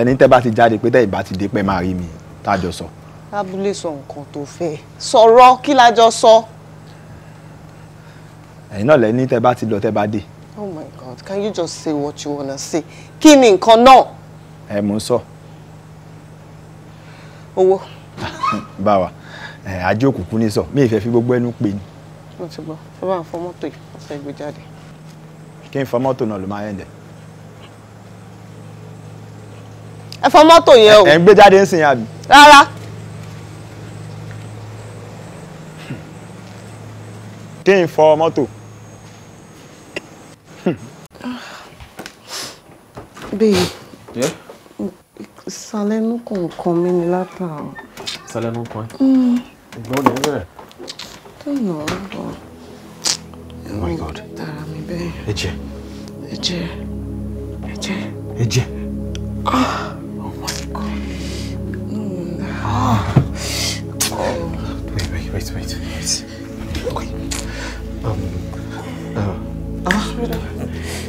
ẹni tẹ́ bá ti jáde pé tẹ́ ìbá ti dé pẹ́ máa rí mi tá a jọ sọ. lábúlé sọ nǹkan tó fẹ́ sọ̀rọ̀ kí la jọ sọ. ẹ̀yin náà lẹ́ni tẹ́ bá ti lọ tẹ́ bá dé oh my god can you just say what you wanna say kí ni nǹkan náà. ẹ mò ń sọ. owó. <laughs> báwa ajé òkùnkùn mi ìfẹ́ fi gbogbo enu pè ní. mo ti gbọ́ ẹ bá ń fọ mọ́tò yìí wọ́n fẹ́ gbé jáde. kí n fọ mọ́tò náà ló máa ń dẹ̀. ẹ o. ẹ ń gbé jáde ń sìn yàbí. rárá. kí Babe. Yeah? Ìsàlẹ̀nu kan kan mi ni látàrọ. Ìsàlẹ̀nu kan ẹ̀? Mm. Ìgbọ́n ni oh bẹ́ẹ̀. Tẹ̀nà ọ̀rọ̀. Ah. Oh my God. Tara ah. mi bẹ́ẹ̀. Ẹ̀jẹ̀. Ẹ̀jẹ̀. Ẹ̀jẹ̀. Ẹ̀jẹ̀. Oh my God. Mm. Ah. Wait, wait, wait, wait, wait. Okay. Um. Uh. Ah.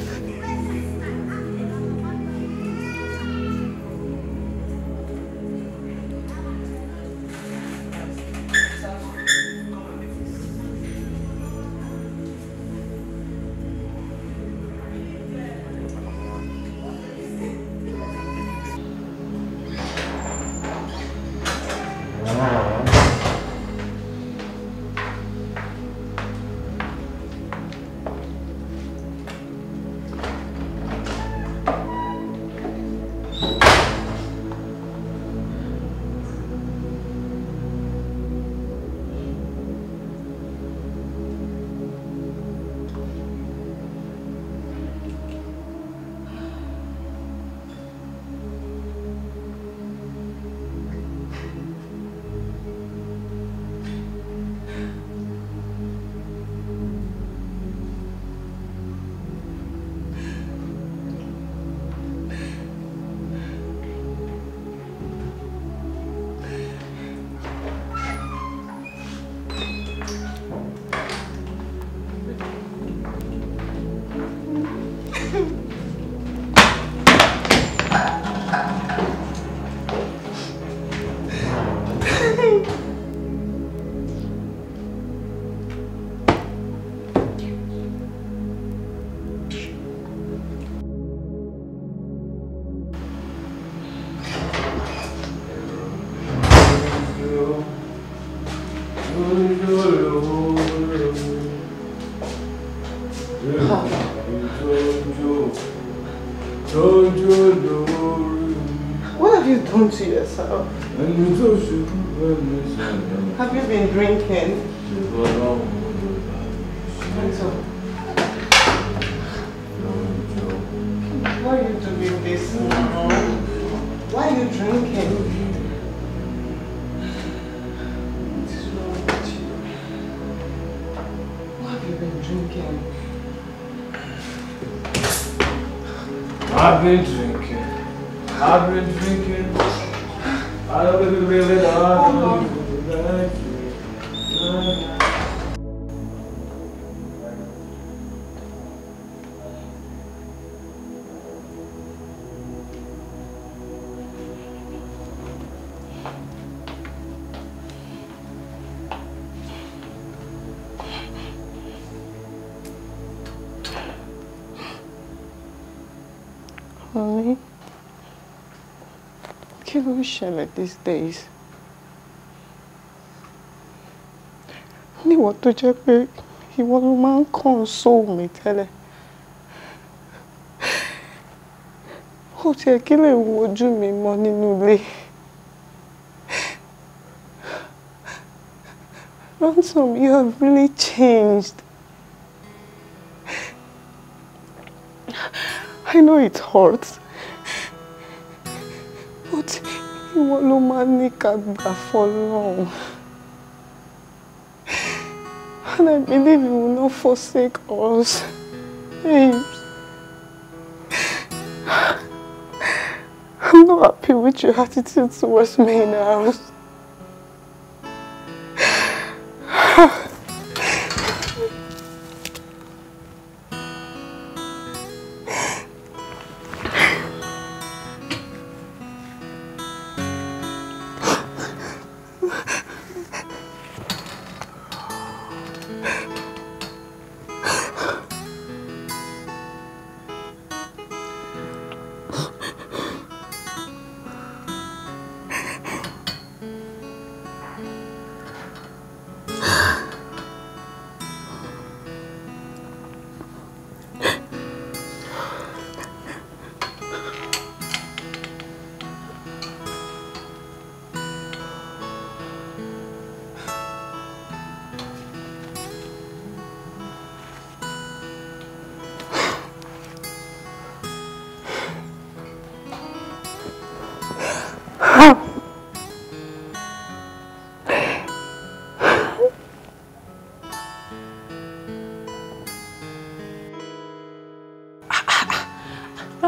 kí ló ń ṣẹlẹ̀ these days? níwọ̀n tó jẹ́ pé ìwọ ló máa ń console mi tẹ́lẹ̀ ó tiẹ̀ kí lè wo ojú mi mọ́ nínú ilé. Ransom, you have really changed. I know it hurts. ìwọ ló máa ń ní ká gbà fọlọ́run. And I believe you will not forsake us. Babes. I'm not happy with your attitude towards me in the house.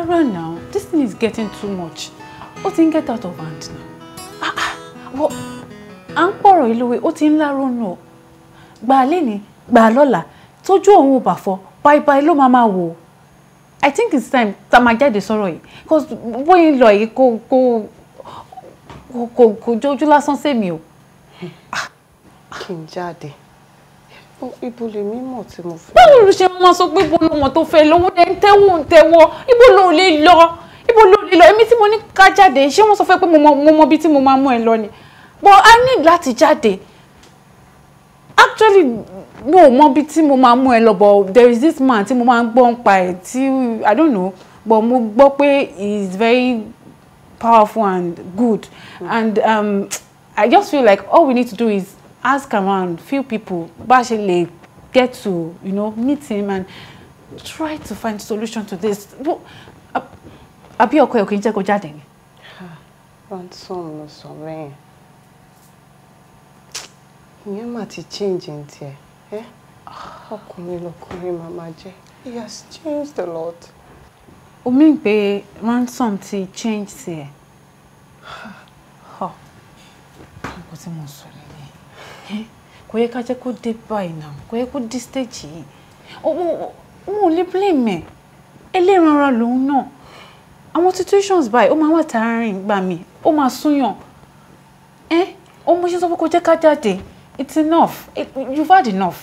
Rárá now, this thing is getting too much. Ó ti get out of hand now. Ah ah, wọ́n à ń pọ̀rọ̀ ìlúwe, ó ti ń láró nù ọ́. Gbà á léni, gbà á lọ́la, tójú òun ò bà fọ́, báibái I think it's time tá a máa jáde sọ̀rọ̀ yìí, because bóyá ń lọ ko ko ko kò kò jójú lásán sẹ́mi o. Hmm. Ah, Kì í jáde ibo lèmi mọ̀ tí mo fẹ́. báwo ló ṣe máa sọ pé ibo lọmọ tó fẹ́ lówó ẹ ń tẹ́wọ́ ń tẹ́wọ́ ibo ló lè lọ ibo ló lè lọ èmi tí mo ní ká jáde ṣé wọ́n sọ fẹ́ pé mo mọ ibi tí mo máa mú ẹ lọ ni but i need láti jáde actually mo mọ ibi tí mo máa mú ẹ lọ but there is this man tí mo máa ń gbọ́ ń pa ẹ̀ tí i don't know but mo gbọ́ pé he is very powerful and good and um, i just feel like all we need to do is ask around few people bá get to you know meet him and try to find solution to this àbí ọkọ ẹ ò kì í jẹ́ kó jáde ni. ransom ló sọ bẹ́ẹ̀ ìyẹn mà ti change ní tiẹ̀ ẹ́ ọkùnrin lọkùnrin màmá jẹ́ he has changed a lot. o mean pé ransom ti change tiẹ̀. nǹkan tí mo sọ Eh? kò yẹ ká jẹ́ kó dé báyìí náà kò yẹ kó dé stage yìí wọn ò lè blame ẹ̀ ẹlẹ́ranra lòun náà àwọn situations báyìí ó máa wà tààrin gbà mí ó máa súnyàn ẹ eh? ó mú ṣe sọ pé kó jẹ́ ká jáde it's enough eh, you've had enough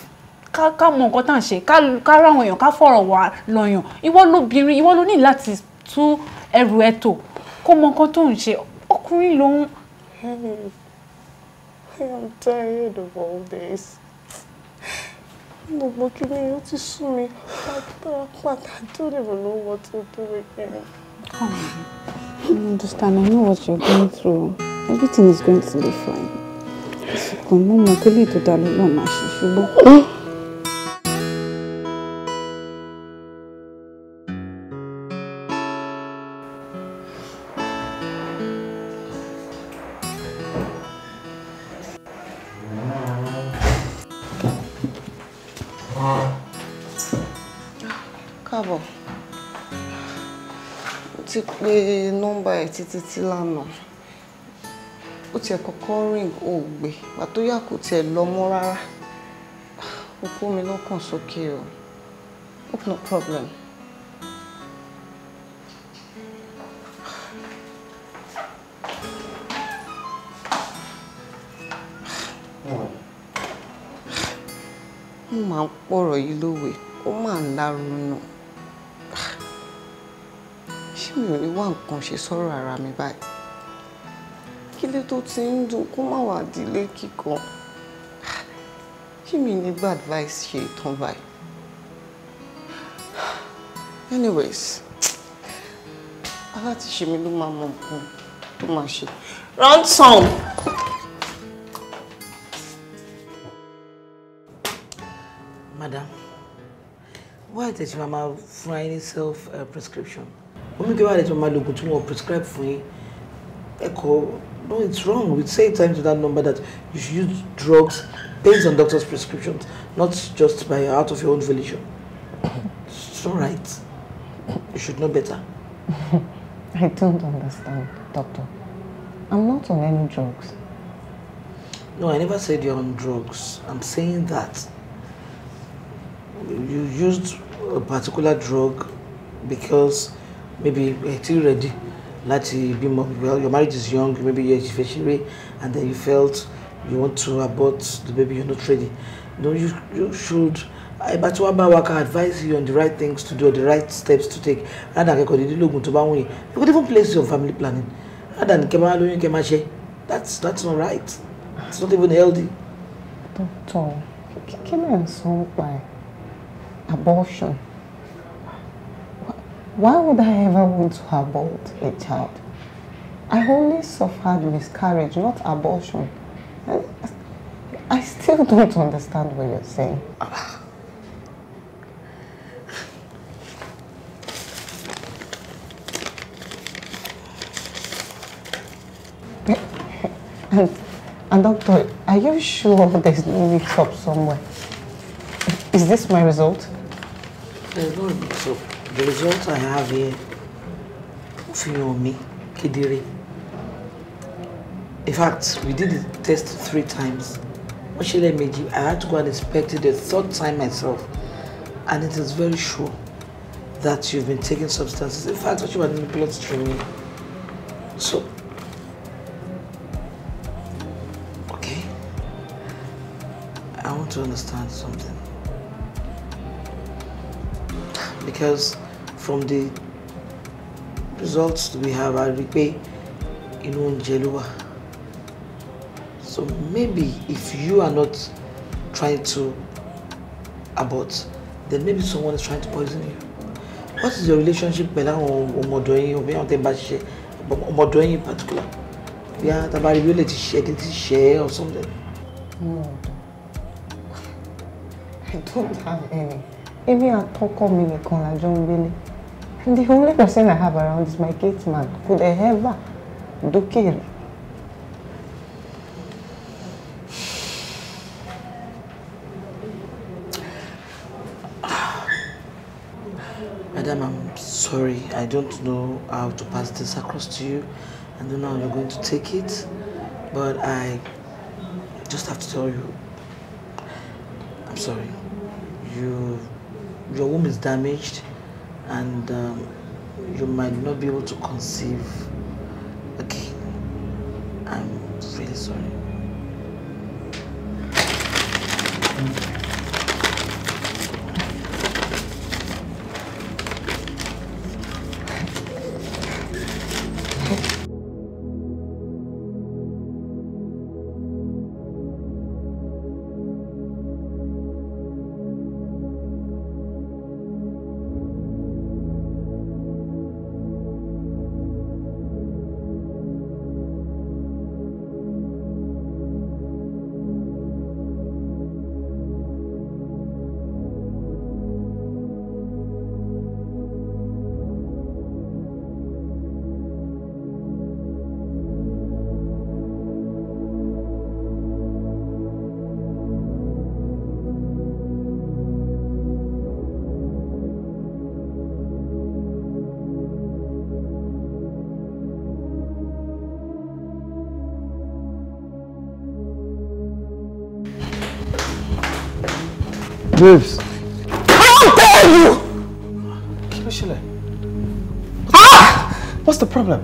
ká ká mọ nǹkan tá à ń ṣe ká ra àwọn èèyàn ká fọ̀rọ̀ wá lọ́yàn ìwọ lóbìnrin ìwọ ló ní láti tú ẹrù ẹ̀ tò kó mọ nǹkan tó ń ṣe ọkùnrin lòun. I am tired of all this. Gbogbo kíni yóò ti sú mi pátápátá. I don't even know what to do again. Come on. I understand. I know what you're going through. Everything is going to be fine. Ṣùgbọ́n mo mọ̀ pé lè tó dá ṣe ṣùgbọ́n. káàbọ̀ ó ti pè nọ́mbà ẹ̀ títí tí lánàá ó tiẹ̀ kọ́kọ́ ring ó gbé pàtó yà kò tiẹ̀ lọ mọ́ rárá ó kó mi lọ́kàn sókè o hope no problem. mo máa ń pọ̀rọ̀ yìí lówe ó máa ń lárú náà tí mi ò rí wá nǹkan ṣe sọ̀rọ̀ ara mi báyìí kílé tó ti ń dùn kó má wàá dílé kíkọ kí mi ní bad advice ṣe ìtàn báyìí anyways aláàtìṣe mi ló máa mọ nǹkan tó máa ṣe ransom. madam why did you mama find any self eh, prescription? omi kí wàá lè tún máa lo oògùn tí wọ́n prescribe fún yín ẹ̀kọ́ no it's wrong we say time to that number that you should use drugs based on doctor's prescriptions not just by out of your own volition it's all right you should know better. <laughs> I don't understand, doctor. I'm not on any drugs. No, I never said you're on drugs. I'm saying that you used a particular drug because maybe uh, still ready to be more well your marriage is young maybe you're a fishery, and then you felt you want to abort the baby you're not ready no you you should I but wọ́n bá worker advise you on the right things to do or the right steps to take rather than kẹ́kọ̀ọ́ dídílógún tó bá wọ̀nyí you could even place your family planning rather than kẹ́ máa lóyún kẹ́ that's that's not right it's not even healthy. doctor kí ló ń sọ nípa abortion Why would I ever want to abort a child? I only suffered miscarriage, not abortion. I still don't understand what you're saying. And, and doctor, are you sure there's no mix-up somewhere? Is this my result? The result I have here me, Kidiri. In fact, we did the test three times. Oshile Meji, I had to go and inspect it the third time myself. And it is very sure that you've been taking substances. In fact, what you were doing blood streaming. So, okay. I want to understand something. Because from the results we have I repay in one oúnjẹ so maybe if you are not trying to abort then maybe someone is trying to poison you what is your relationship pẹ̀lú àwọn in particular bí a tabari bí ó lè ti ṣe kí ti ṣe é or I don't have any. Ebi àtọkọ mi nìkan la jọ ń gbélé. The only person I have around is my gate man. Could I ever do care? Madam, I'm sorry. I don't know how to pass this across to you. I don't know how you're going to take it. But I just have to tell you, I'm sorry. You, your womb is damaged and um, you might not be able to conceive again. I'm really sorry. Okay. Babes. How dare you! Kí ló ṣẹlẹ̀? Ah! What's the problem?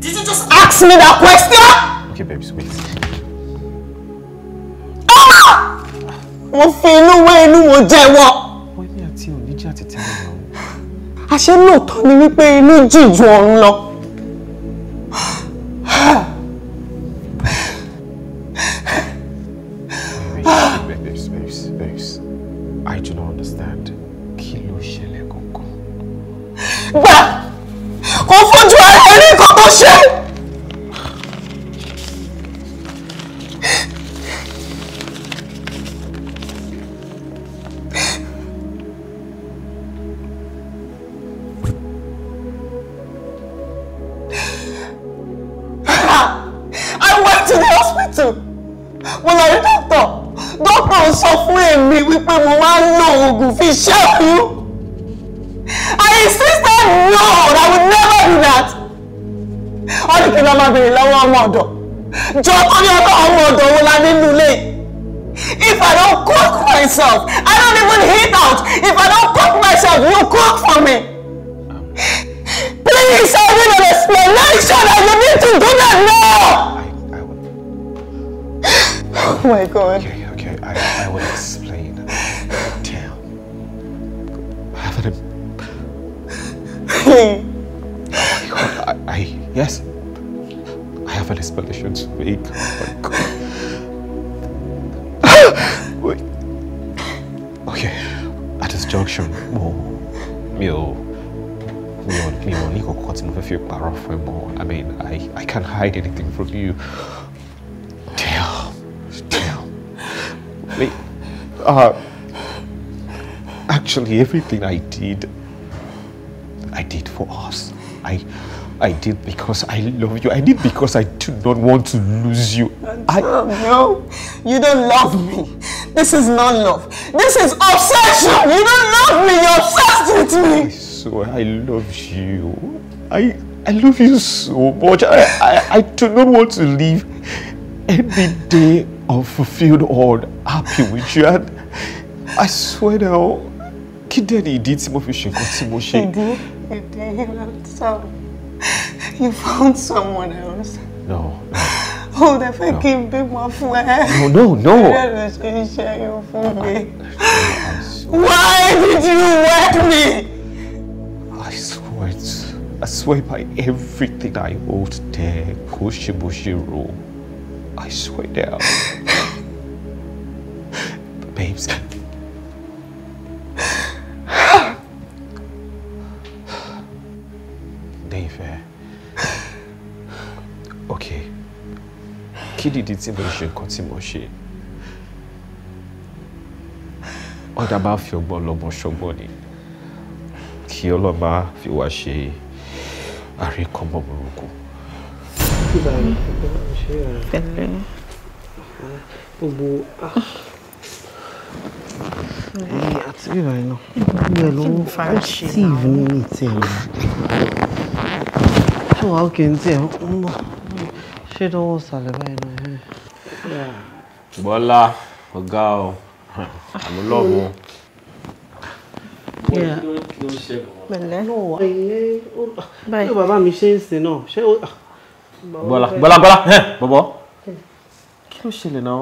Did you just ask me that question? Okay, babes, wait. Ah! Mo fi inú wé inú mo jẹ́wọ́. Wọ́n ní àti òní jẹ́ àti tẹ́lẹ̀ náà. Àṣé lóòótọ́ ni wípé inú jìn ju ọ̀run lọ. having an explanation and you need to do that now! I, I will... Oh my god. Okay, okay, I, I will explain. Damn. I have an... oh my god, I, I... Yes. I have an explanation to make. Oh my god. Wait. Okay, at this junction, 我没有 ní kọ̀kọ́ tí mo fẹ́ I mean I I can't hide anything from you. Damn damn. Wait, uh, actually everything I did I did for us. I I did because I love you. I did because I do not want to lose you. I no, you don't love me. This is not love. This is obsession. You don't love me. You're obsessed with me so. I love you. I I love you so much. I, I, I do not want to live any day unfulfilled or happy with you. And I swear now, kí dẹ̀ ni ìdí did mo fi ṣe nǹkan tí You ṣe? You found someone else. No. no. Oh, the fucking kí n bí mo fún No, no, no. Bẹ́ẹ̀ ló ṣe iṣẹ́ yóò fún Why did you wet me? words. I swear by everything I hold dear, Koshiboshiru. I swear down. <laughs> babes. Dave, eh? okay. Kí dìdí tí mo ṣe nǹkan tí mo ṣe? Ọ̀dà bá fi kí ọlọ́run má fi wá ṣe àríkọ́mọ burúkú. pẹ̀lẹ́ gbogbo ah. àti bíbá yìí náà ló ń fa tíìvù ní tiẹ̀ náà ṣé wàá òkè ní tiẹ̀ ń bọ̀ ṣé dánwò sàlẹ̀ báyìí náà. bọ́lá ọ̀gá o àmúlọ́ọ̀mù tó ń ṣẹlẹ̀. pẹ̀lẹ́ báyìí yóò bàbá mi ṣe ń sìn náà ṣé ó. Ah, bọ́lá bọ́lá bọ́lá bọ́bọ́ kí ló ṣẹlẹ̀ náà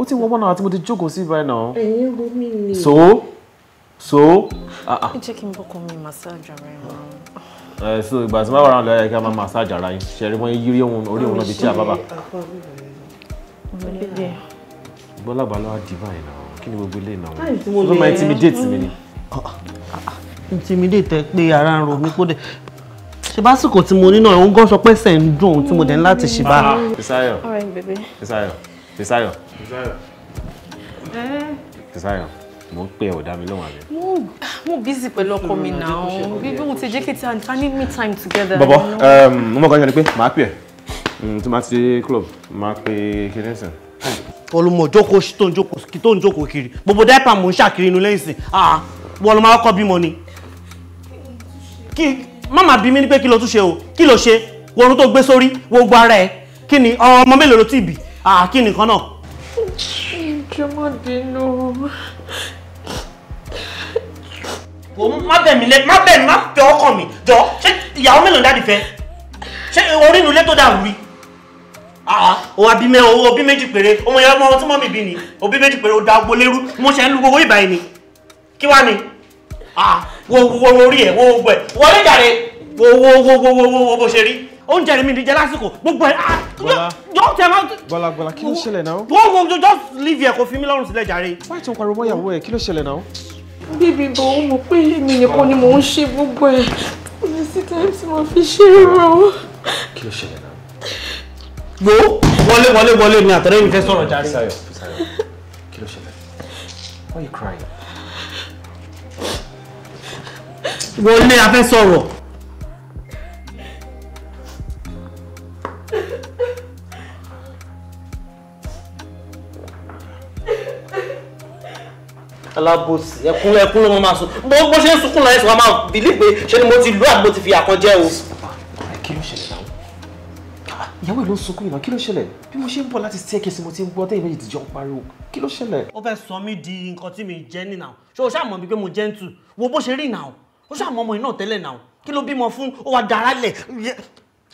ó ti wọ́n náà àti mo ti jókòó sí ibà náà. ẹ̀yin ro mi ni. so so. Ah, ah. ẹ jẹ́ kí n bọ́kọ mi màsáàjì ara ẹ̀ mọ́. so ìgbà tí wọ́n wà rán lọ́yà kí a máa màsáàjì ara yín ṣe é rí wọ́n yírí orí òun náà bíi tí a bábà. bọ́lá bàlọ́ á dì báyìí náà kí ni gbogbo ilé ìnáwó ló máa intimidate mi ni intimidate pé ara ń ro mi kó dẹ̀ ṣe bá sìkò tí mo ní náà òun gan sọ pé ṣẹ̀ ń dùn tí mo dẹ̀ ah, eh? ń láti ṣe bá. Fisayo Fisayo Fisayo Fisayo mo ń pè ọ̀ dá mi lóhùn àbí. Ah, mo busy pẹ̀lú ọkọ mi náà bí mo ti jẹ́ kí ta ní me time together. bọ̀bọ̀ um, mo mọ̀ kọ́ni pé màá pè ẹ́ mm, tí màá ti dé club màá pè kérésìmù olùmọ̀ jókòó sí tó ń jókòó kiri gbogbo dáìpà mò ń ṣàkiri inú lẹ́yìn sí ah, wọ́n ló máa kọ́ bímọ ni kí má má bí mi ní pé kí lo tún ṣe o kí lo ṣe worun tó gbé sórí gbogbo ara ẹ kí ni ọmọ mélòó ló ti bì à kí nìkan náà. ìjọba bínú. o má bẹ̀ mí lẹ má bẹ̀ má bẹ̀ ọkàn mi jọ ṣé ìyàwó mélòó dáàdì fẹ́ ṣé orí inú ilé tó dàrú rí o àbí mẹ o òbí méjì péré ọmọ ìyá ọmọ tí mọ́mì bí ni òbí méjì péré o da agbo lérú mo ṣe ń lu owó ìbàyìí ni kí wá ni wo wo orí ẹ̀ wo gbẹ̀ wọlé jàre wo wo wo wo wo wo bó ṣe rí oúnjẹ rẹ̀ mi ní jẹ lásìkò gbogbo ah yóò tẹ̀ máa. bọ́lá bọ́lá kí ló ṣẹlẹ̀ just leave here kò fi mí lọ́rùn sílẹ̀ jàre. wáyé tó ń pariwo mọ́yàwó ẹ̀ kí ló ṣẹlẹ̀ náà. bíbí bò ó mọ̀ pé èmi nìkan ni mò ń ṣe gbogbo ẹ̀ kò ní sí time tí mo fi ṣe why you crying. wọlé a fẹ́ sọ̀rọ̀. alábòsí ẹkún ẹkún ló mọ máa sọ bó bó ṣe ń sunkún lọ ẹsùn wa máa bìlí pé ṣé ni mo ti lù àgbo ti fi àkànjẹ o. kí ló ṣẹlẹ̀ náà ah, ìyàwó ẹ̀ ló ń sunkún ìmọ̀ kí ló ṣẹlẹ̀ bí mo ṣe ń bọ̀ láti staircase mo ti ń gbọ́ tẹ́yìn méjì tìjọ́ ń pariwo kí ló ṣẹlẹ̀. ó fẹ́ sọ mí di nǹkan tí mi jẹ́ nínà ṣé o ṣáà mọ̀ pé mo jẹ́ ń tù wo bó ṣe rí nà ó ṣàmọ́ ọmọ iná tẹ́lẹ̀ náà kí ló bímọ fún ó wà dára lẹ̀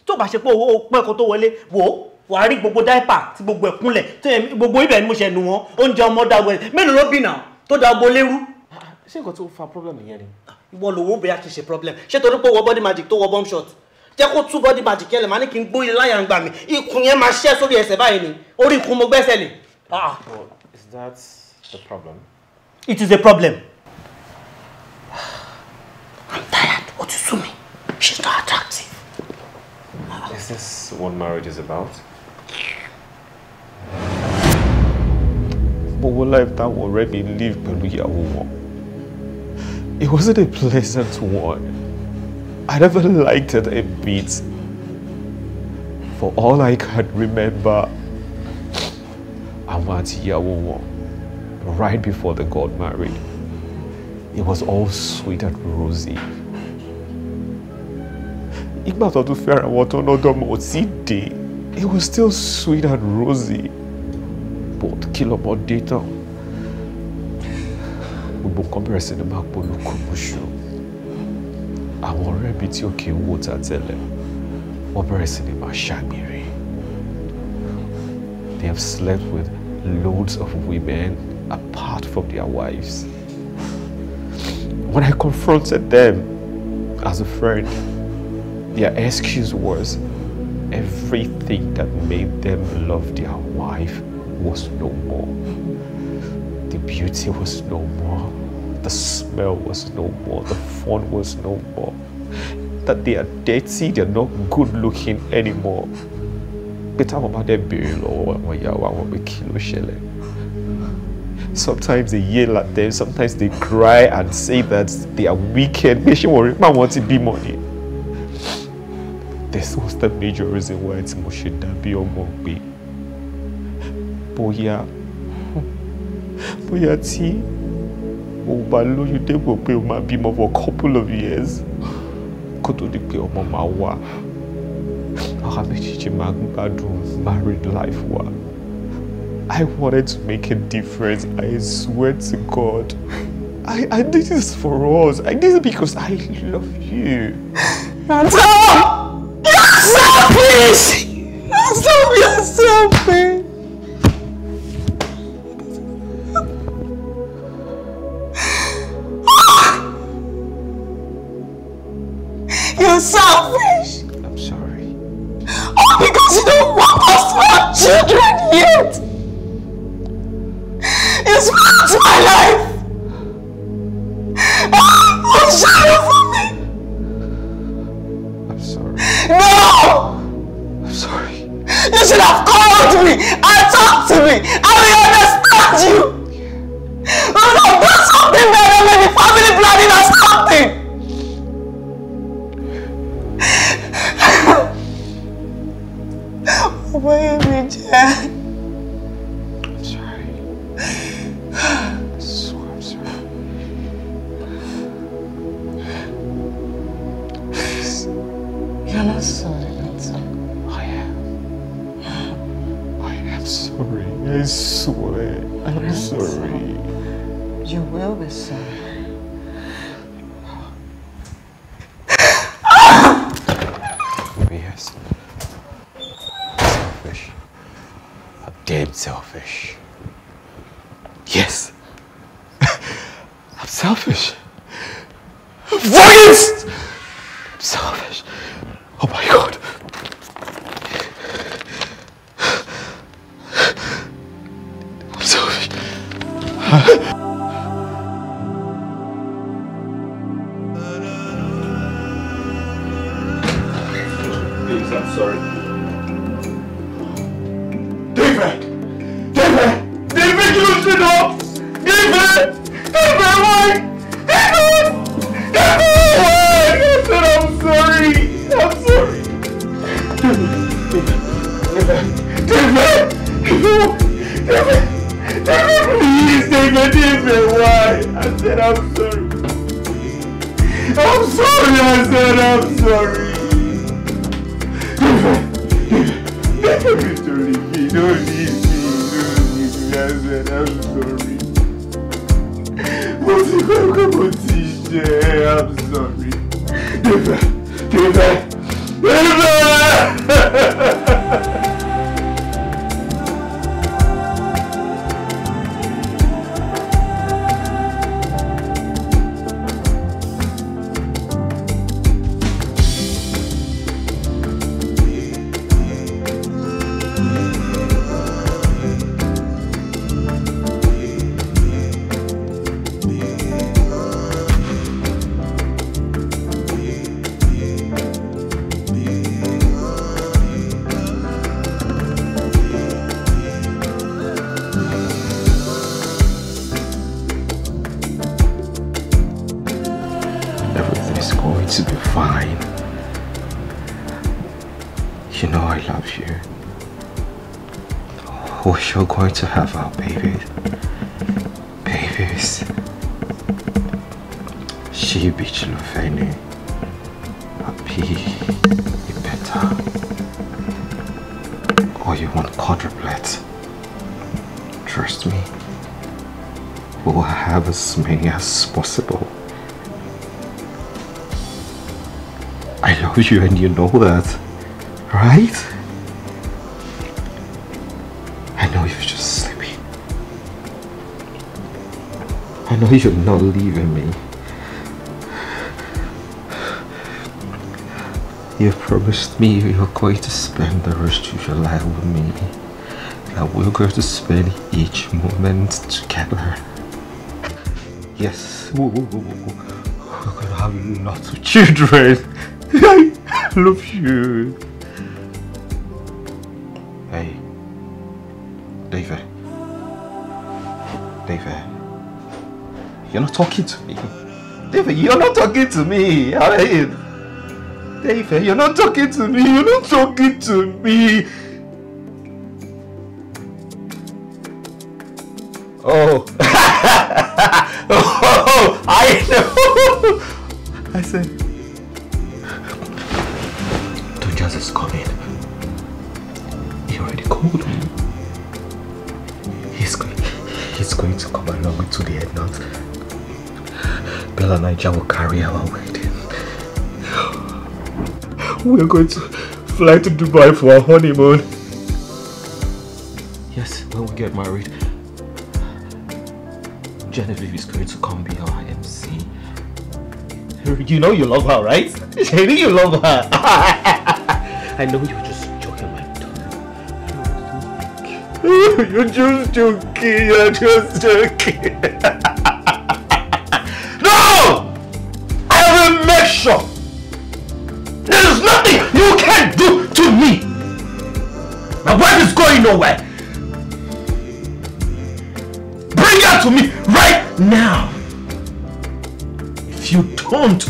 tó bá ṣe pé owó pẹ́ tó wọlé wò ó wàá rí gbogbo dáìpà tí gbogbo ẹ̀kúnlẹ̀ tó yẹ gbogbo ibẹ̀ ni mo ṣe nù wọ́n oúnjẹ ọmọ dàgbọ́ ẹ̀ mélòó ló bì náà tó dàgbọ́ lérú. ṣé nǹkan tó fa problem yẹn ni. ìwọ lòwò bẹ́ẹ̀ kì í ṣe problem ṣé torí pé wọ body magic tó wọ bomb shot jẹ́ kó tú body magic yẹn lẹ̀ máa ní kí n gbóyè láyà ń gbà mí ikùn yẹn máa ṣẹ́ sórí ẹsẹ̀ báyìí ni orí ikùn mo gbẹ́sẹ̀ lé. Ah, is that the problem? It is a problem. I'm tired. What is ti sú She's not attractive. Ah. Is this what marriage is about? But what life that already lived live pẹ̀lú It wasn't a pleasant one. I never liked it a bit. For all I can remember, I was ìyàwó right before they got married it was all sweet and rosy. Ìgbà tó tún fẹ́ràn wọn tó lọ́dọ̀ mọ̀ ò tí it was still sweet and rosy but kí lọ́mọ data, we gbogbo compare bẹ̀rẹ̀ sí ni máa polúkú muṣu àwọn ọ̀rẹ́ mi tí òkè wò ta tẹ́lẹ̀ wọ́n bẹ̀rẹ̀ sí ni máa ṣàgbèrè they have slept with loads of women apart from their wives. When I confronted them as a friend, their excuse was everything that made them love their wife was no more. The beauty was no more. The smell was no more. The fun was no more. That they are dirty, they're not good looking anymore. Pé táwọn bá dẹ̀ béèrè lọ́wọ́ àwọn ìyàwó àwọn pé kí ló ṣẹlẹ̀? sometimes they yell at them sometimes they cry and say that they are wicked pé ṣé wọ́n rí pé àwọn ti bímọ ni. this was the major reason why tí mo ṣe dàbí ọmọ gbé bóyá bóyá tí o bá lóyún dépò pé o máa bímọ for a couple of years kó tó di pé ọmọ máa wá àwa méjèèjì máa ń gbádùn married life wa. I wanted to make a difference. I swear to God. I, I did this for us. I did it because I love you. Nanta! <sighs> stop, please! Stop yourself, please! 啊。<laughs> you and you know that, right? I know you're just sleeping. I know you're not leaving me. You promised me you're going to spend the rest of your life with me. That we're going to spend each moment together. Yes, we're going to have lots of children love you. Hey. David. David. You're not talking to me. David, you're not talking to me. I mean, David, you're not talking to me. You're not talking to me. Oh. we are going to fly to Dubai for our honeymoon. Yes, when we get married, Genevieve is going to come be our MC. You know you love her, right? Shady, <laughs> you love her. <laughs> I know you're just joking, my darling. <laughs> you're just joking. You're just joking. nowhere. Bring her to me right now. If you don't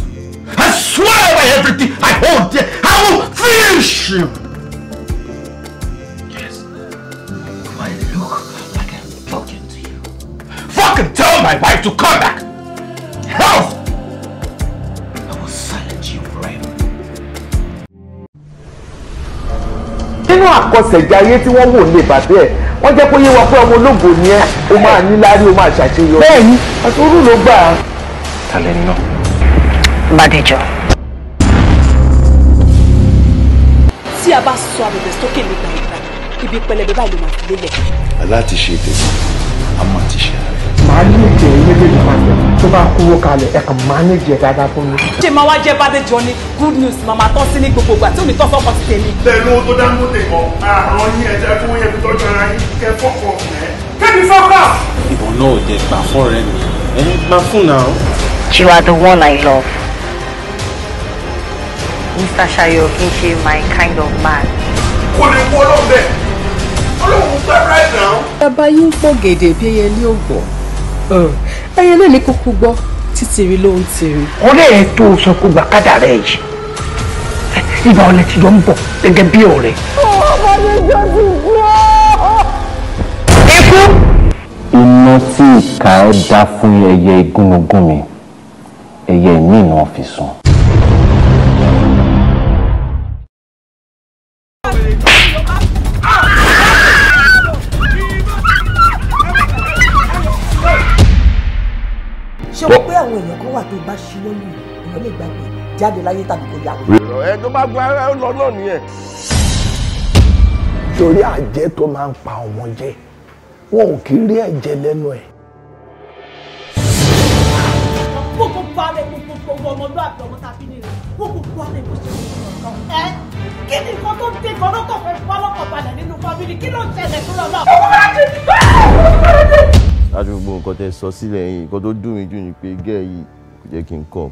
akọ́sẹ̀já ayé tí wọ́n wò ní ìbàdàn ẹ̀ wọ́n jẹ́ kó yé wa pé ọmọ ológo ni ẹ́ o máa níláárí o máa ṣàṣeyọ. bẹ́ẹ̀ni àtúrú ló gbà. talẹ nù. Bàdéjọ. tí a bá sọ àbẹ̀bẹ̀ sókè nígbà ìgbà ibi pẹlẹbẹ báyìí máa fi lélẹ̀. aláàtìṣe tèmi a máa ti ṣe àárẹ̀ màá ní ìjẹ́ méjèèjì papọ̀ tó bá kúrò kalẹ̀ ẹ̀ kàn máa ní ìjẹ́ dáadáa fún mi. ṣé máa wá jẹ́ bàdéjọ ni good news máa máa tán sí ní gbogbo ìgbà tí òní tán sọ́kọ̀ ti tèmi. bẹ́ẹ̀ ló tó dá mọ́tò ìbọn àwọn yín ẹ̀jẹ̀ fún yẹn fi tọ́jú ara yín kẹ́ fọ́kọ̀ ọ̀fẹ́. kébì fọ́kà. ìbọn náà ò jẹ gbà fún rẹ mi ẹ gbà fún náà. You are the one I love. Mr. Shayo kì í ṣe my kind of man. Kò lè wọ́ ọlọ́run bẹ́ẹ̀. Ọlọ́run gbàgbá ẹ̀ náà. Bàbá yín pò gèdè bí ẹyẹ ní ògbọ́ ẹyẹ náà ní kúkú gbọ́ títìrí ló ń tìrí. ọ̀rẹ́ ẹ tó sọ kó gbà kádà rẹ yìí ìgbà ọ̀lẹ́ ti jọ ń bọ̀ gẹ́gẹ́ bí ọ̀rẹ́. ọmọ mi jọ ti gbọ́. ikú. iná tí ìka ẹ dá fún ẹyẹ igúnnugún mi ẹyẹ ìmí ni wọn fi sùn. wà tó bá ṣíwọ́ lù èèyàn lè gbàgbé jáde láyé tàbí kó yàwó. èrò ẹ tó bá gba ẹ lọ náà nìyẹn. torí àjẹ́ tó máa ń pa ọmọ jẹ wọn ò kì í rí ẹ̀jẹ̀ lẹ́nu ẹ̀. gbogbo balẹ̀ gbogbo ọmọlúwàbí ọmọ tàbí nìyẹn gbogbo balẹ̀ gbogbo ọmọ tàbí nìyẹn kí ni nǹkan tó dé kan lọ́kọ̀ fẹ́ fún ọlọ́kọ̀ balẹ̀ nínú fámìlì kí ló ń ṣẹlẹ̀ tó lọ́lọ́. láti gbogbo nǹkan tẹ sọ sílẹ̀ yìí nǹkan tó dùn mí jù ni pé gẹ́ẹ̀ yìí jẹ́ kí n kọ́.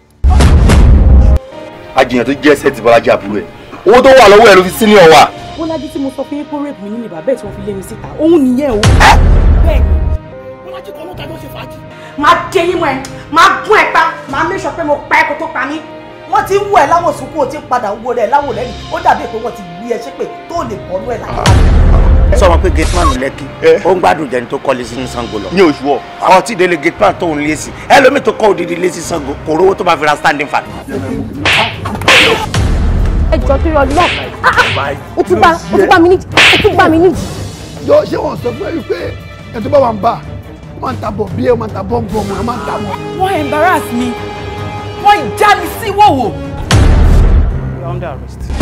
àjìyàn tó jẹ́ ẹsẹ̀ ti bọ́lájí àbúrò ẹ̀ owó tó wà lọ́wọ́ ẹ̀ ló fi sí ní ọ̀wà. bọ́lájí tí mo sọ fún yín kó rèébù yín ní bàbá ẹ̀ tí wọ́n fi lé mi síta òun nìyẹn o. bẹ́ẹ̀ ni bọ́lájí kan ló ta ló ṣe fàájì. máa jẹ yín mọ́ ẹ máa gún ẹ pa máa mẹ́sọ̀ pé mo pa ẹ kó tó pa mí wọ́n ti ń wọ ẹ̀ láwọn sunkún o ti ń padà wo rẹ̀ láwọn lẹ́yìn ó dàbí pé wọ́n ti gbé ẹ ṣépè tó lè bọ́nú ẹ̀ láyé. ẹ sọ ma pé gateman lẹ́kì ó ń gbádùn jẹ́ni tó kọ́lé sí Ṣàngó lọ. ní oṣù wọ àwọn tí ìdílé gateman tó ń lé sí ẹlòmíì tó kọ́ òdìdí lé sí Ṣàngó kò rówó tó bá fi ra standing fan. ẹ jọ kí lọ lọ o tún bá o tún bá mi níjì o tún bá mi níjì. yọ ṣé wọn sọ fún ẹ wípé ẹ tó bá wà ń bá ó máa ń ta bọ̀ bí ẹ ó máa ń ta bọ́ǹgọ̀ ọmọ ẹ máa ń ta wọn. wọ́n embarrass mi wọ́n já mi sí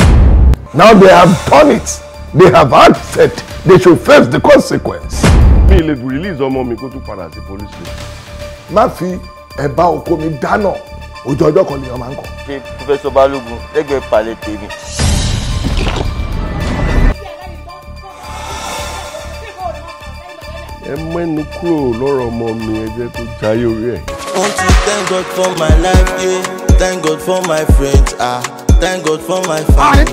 now they have done it they have acted they should face the consequence. mi lè release ọmọ mi kó tún padà sí police station. má fi ẹ̀bá oko mi dáná ojú ọjọ́ kan lèèyàn máa ń kọ. ṣe pọfẹsọ balógun lẹ́gbẹ̀ẹ́ palẹ tèmi. ẹ mẹ́nu kúrò lọ́rọ̀ ọmọ mi ẹ jẹ́ kó jayé orí ẹ̀. Want to thank God for my life, yeah. Thank God for my friends, ah. Thank God for my ah, family.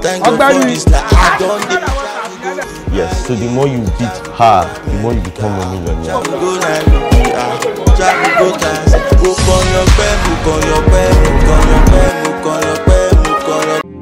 Thank God for this life. I ah. don't need Yes, so the more you beat her, the more you become a millionaire.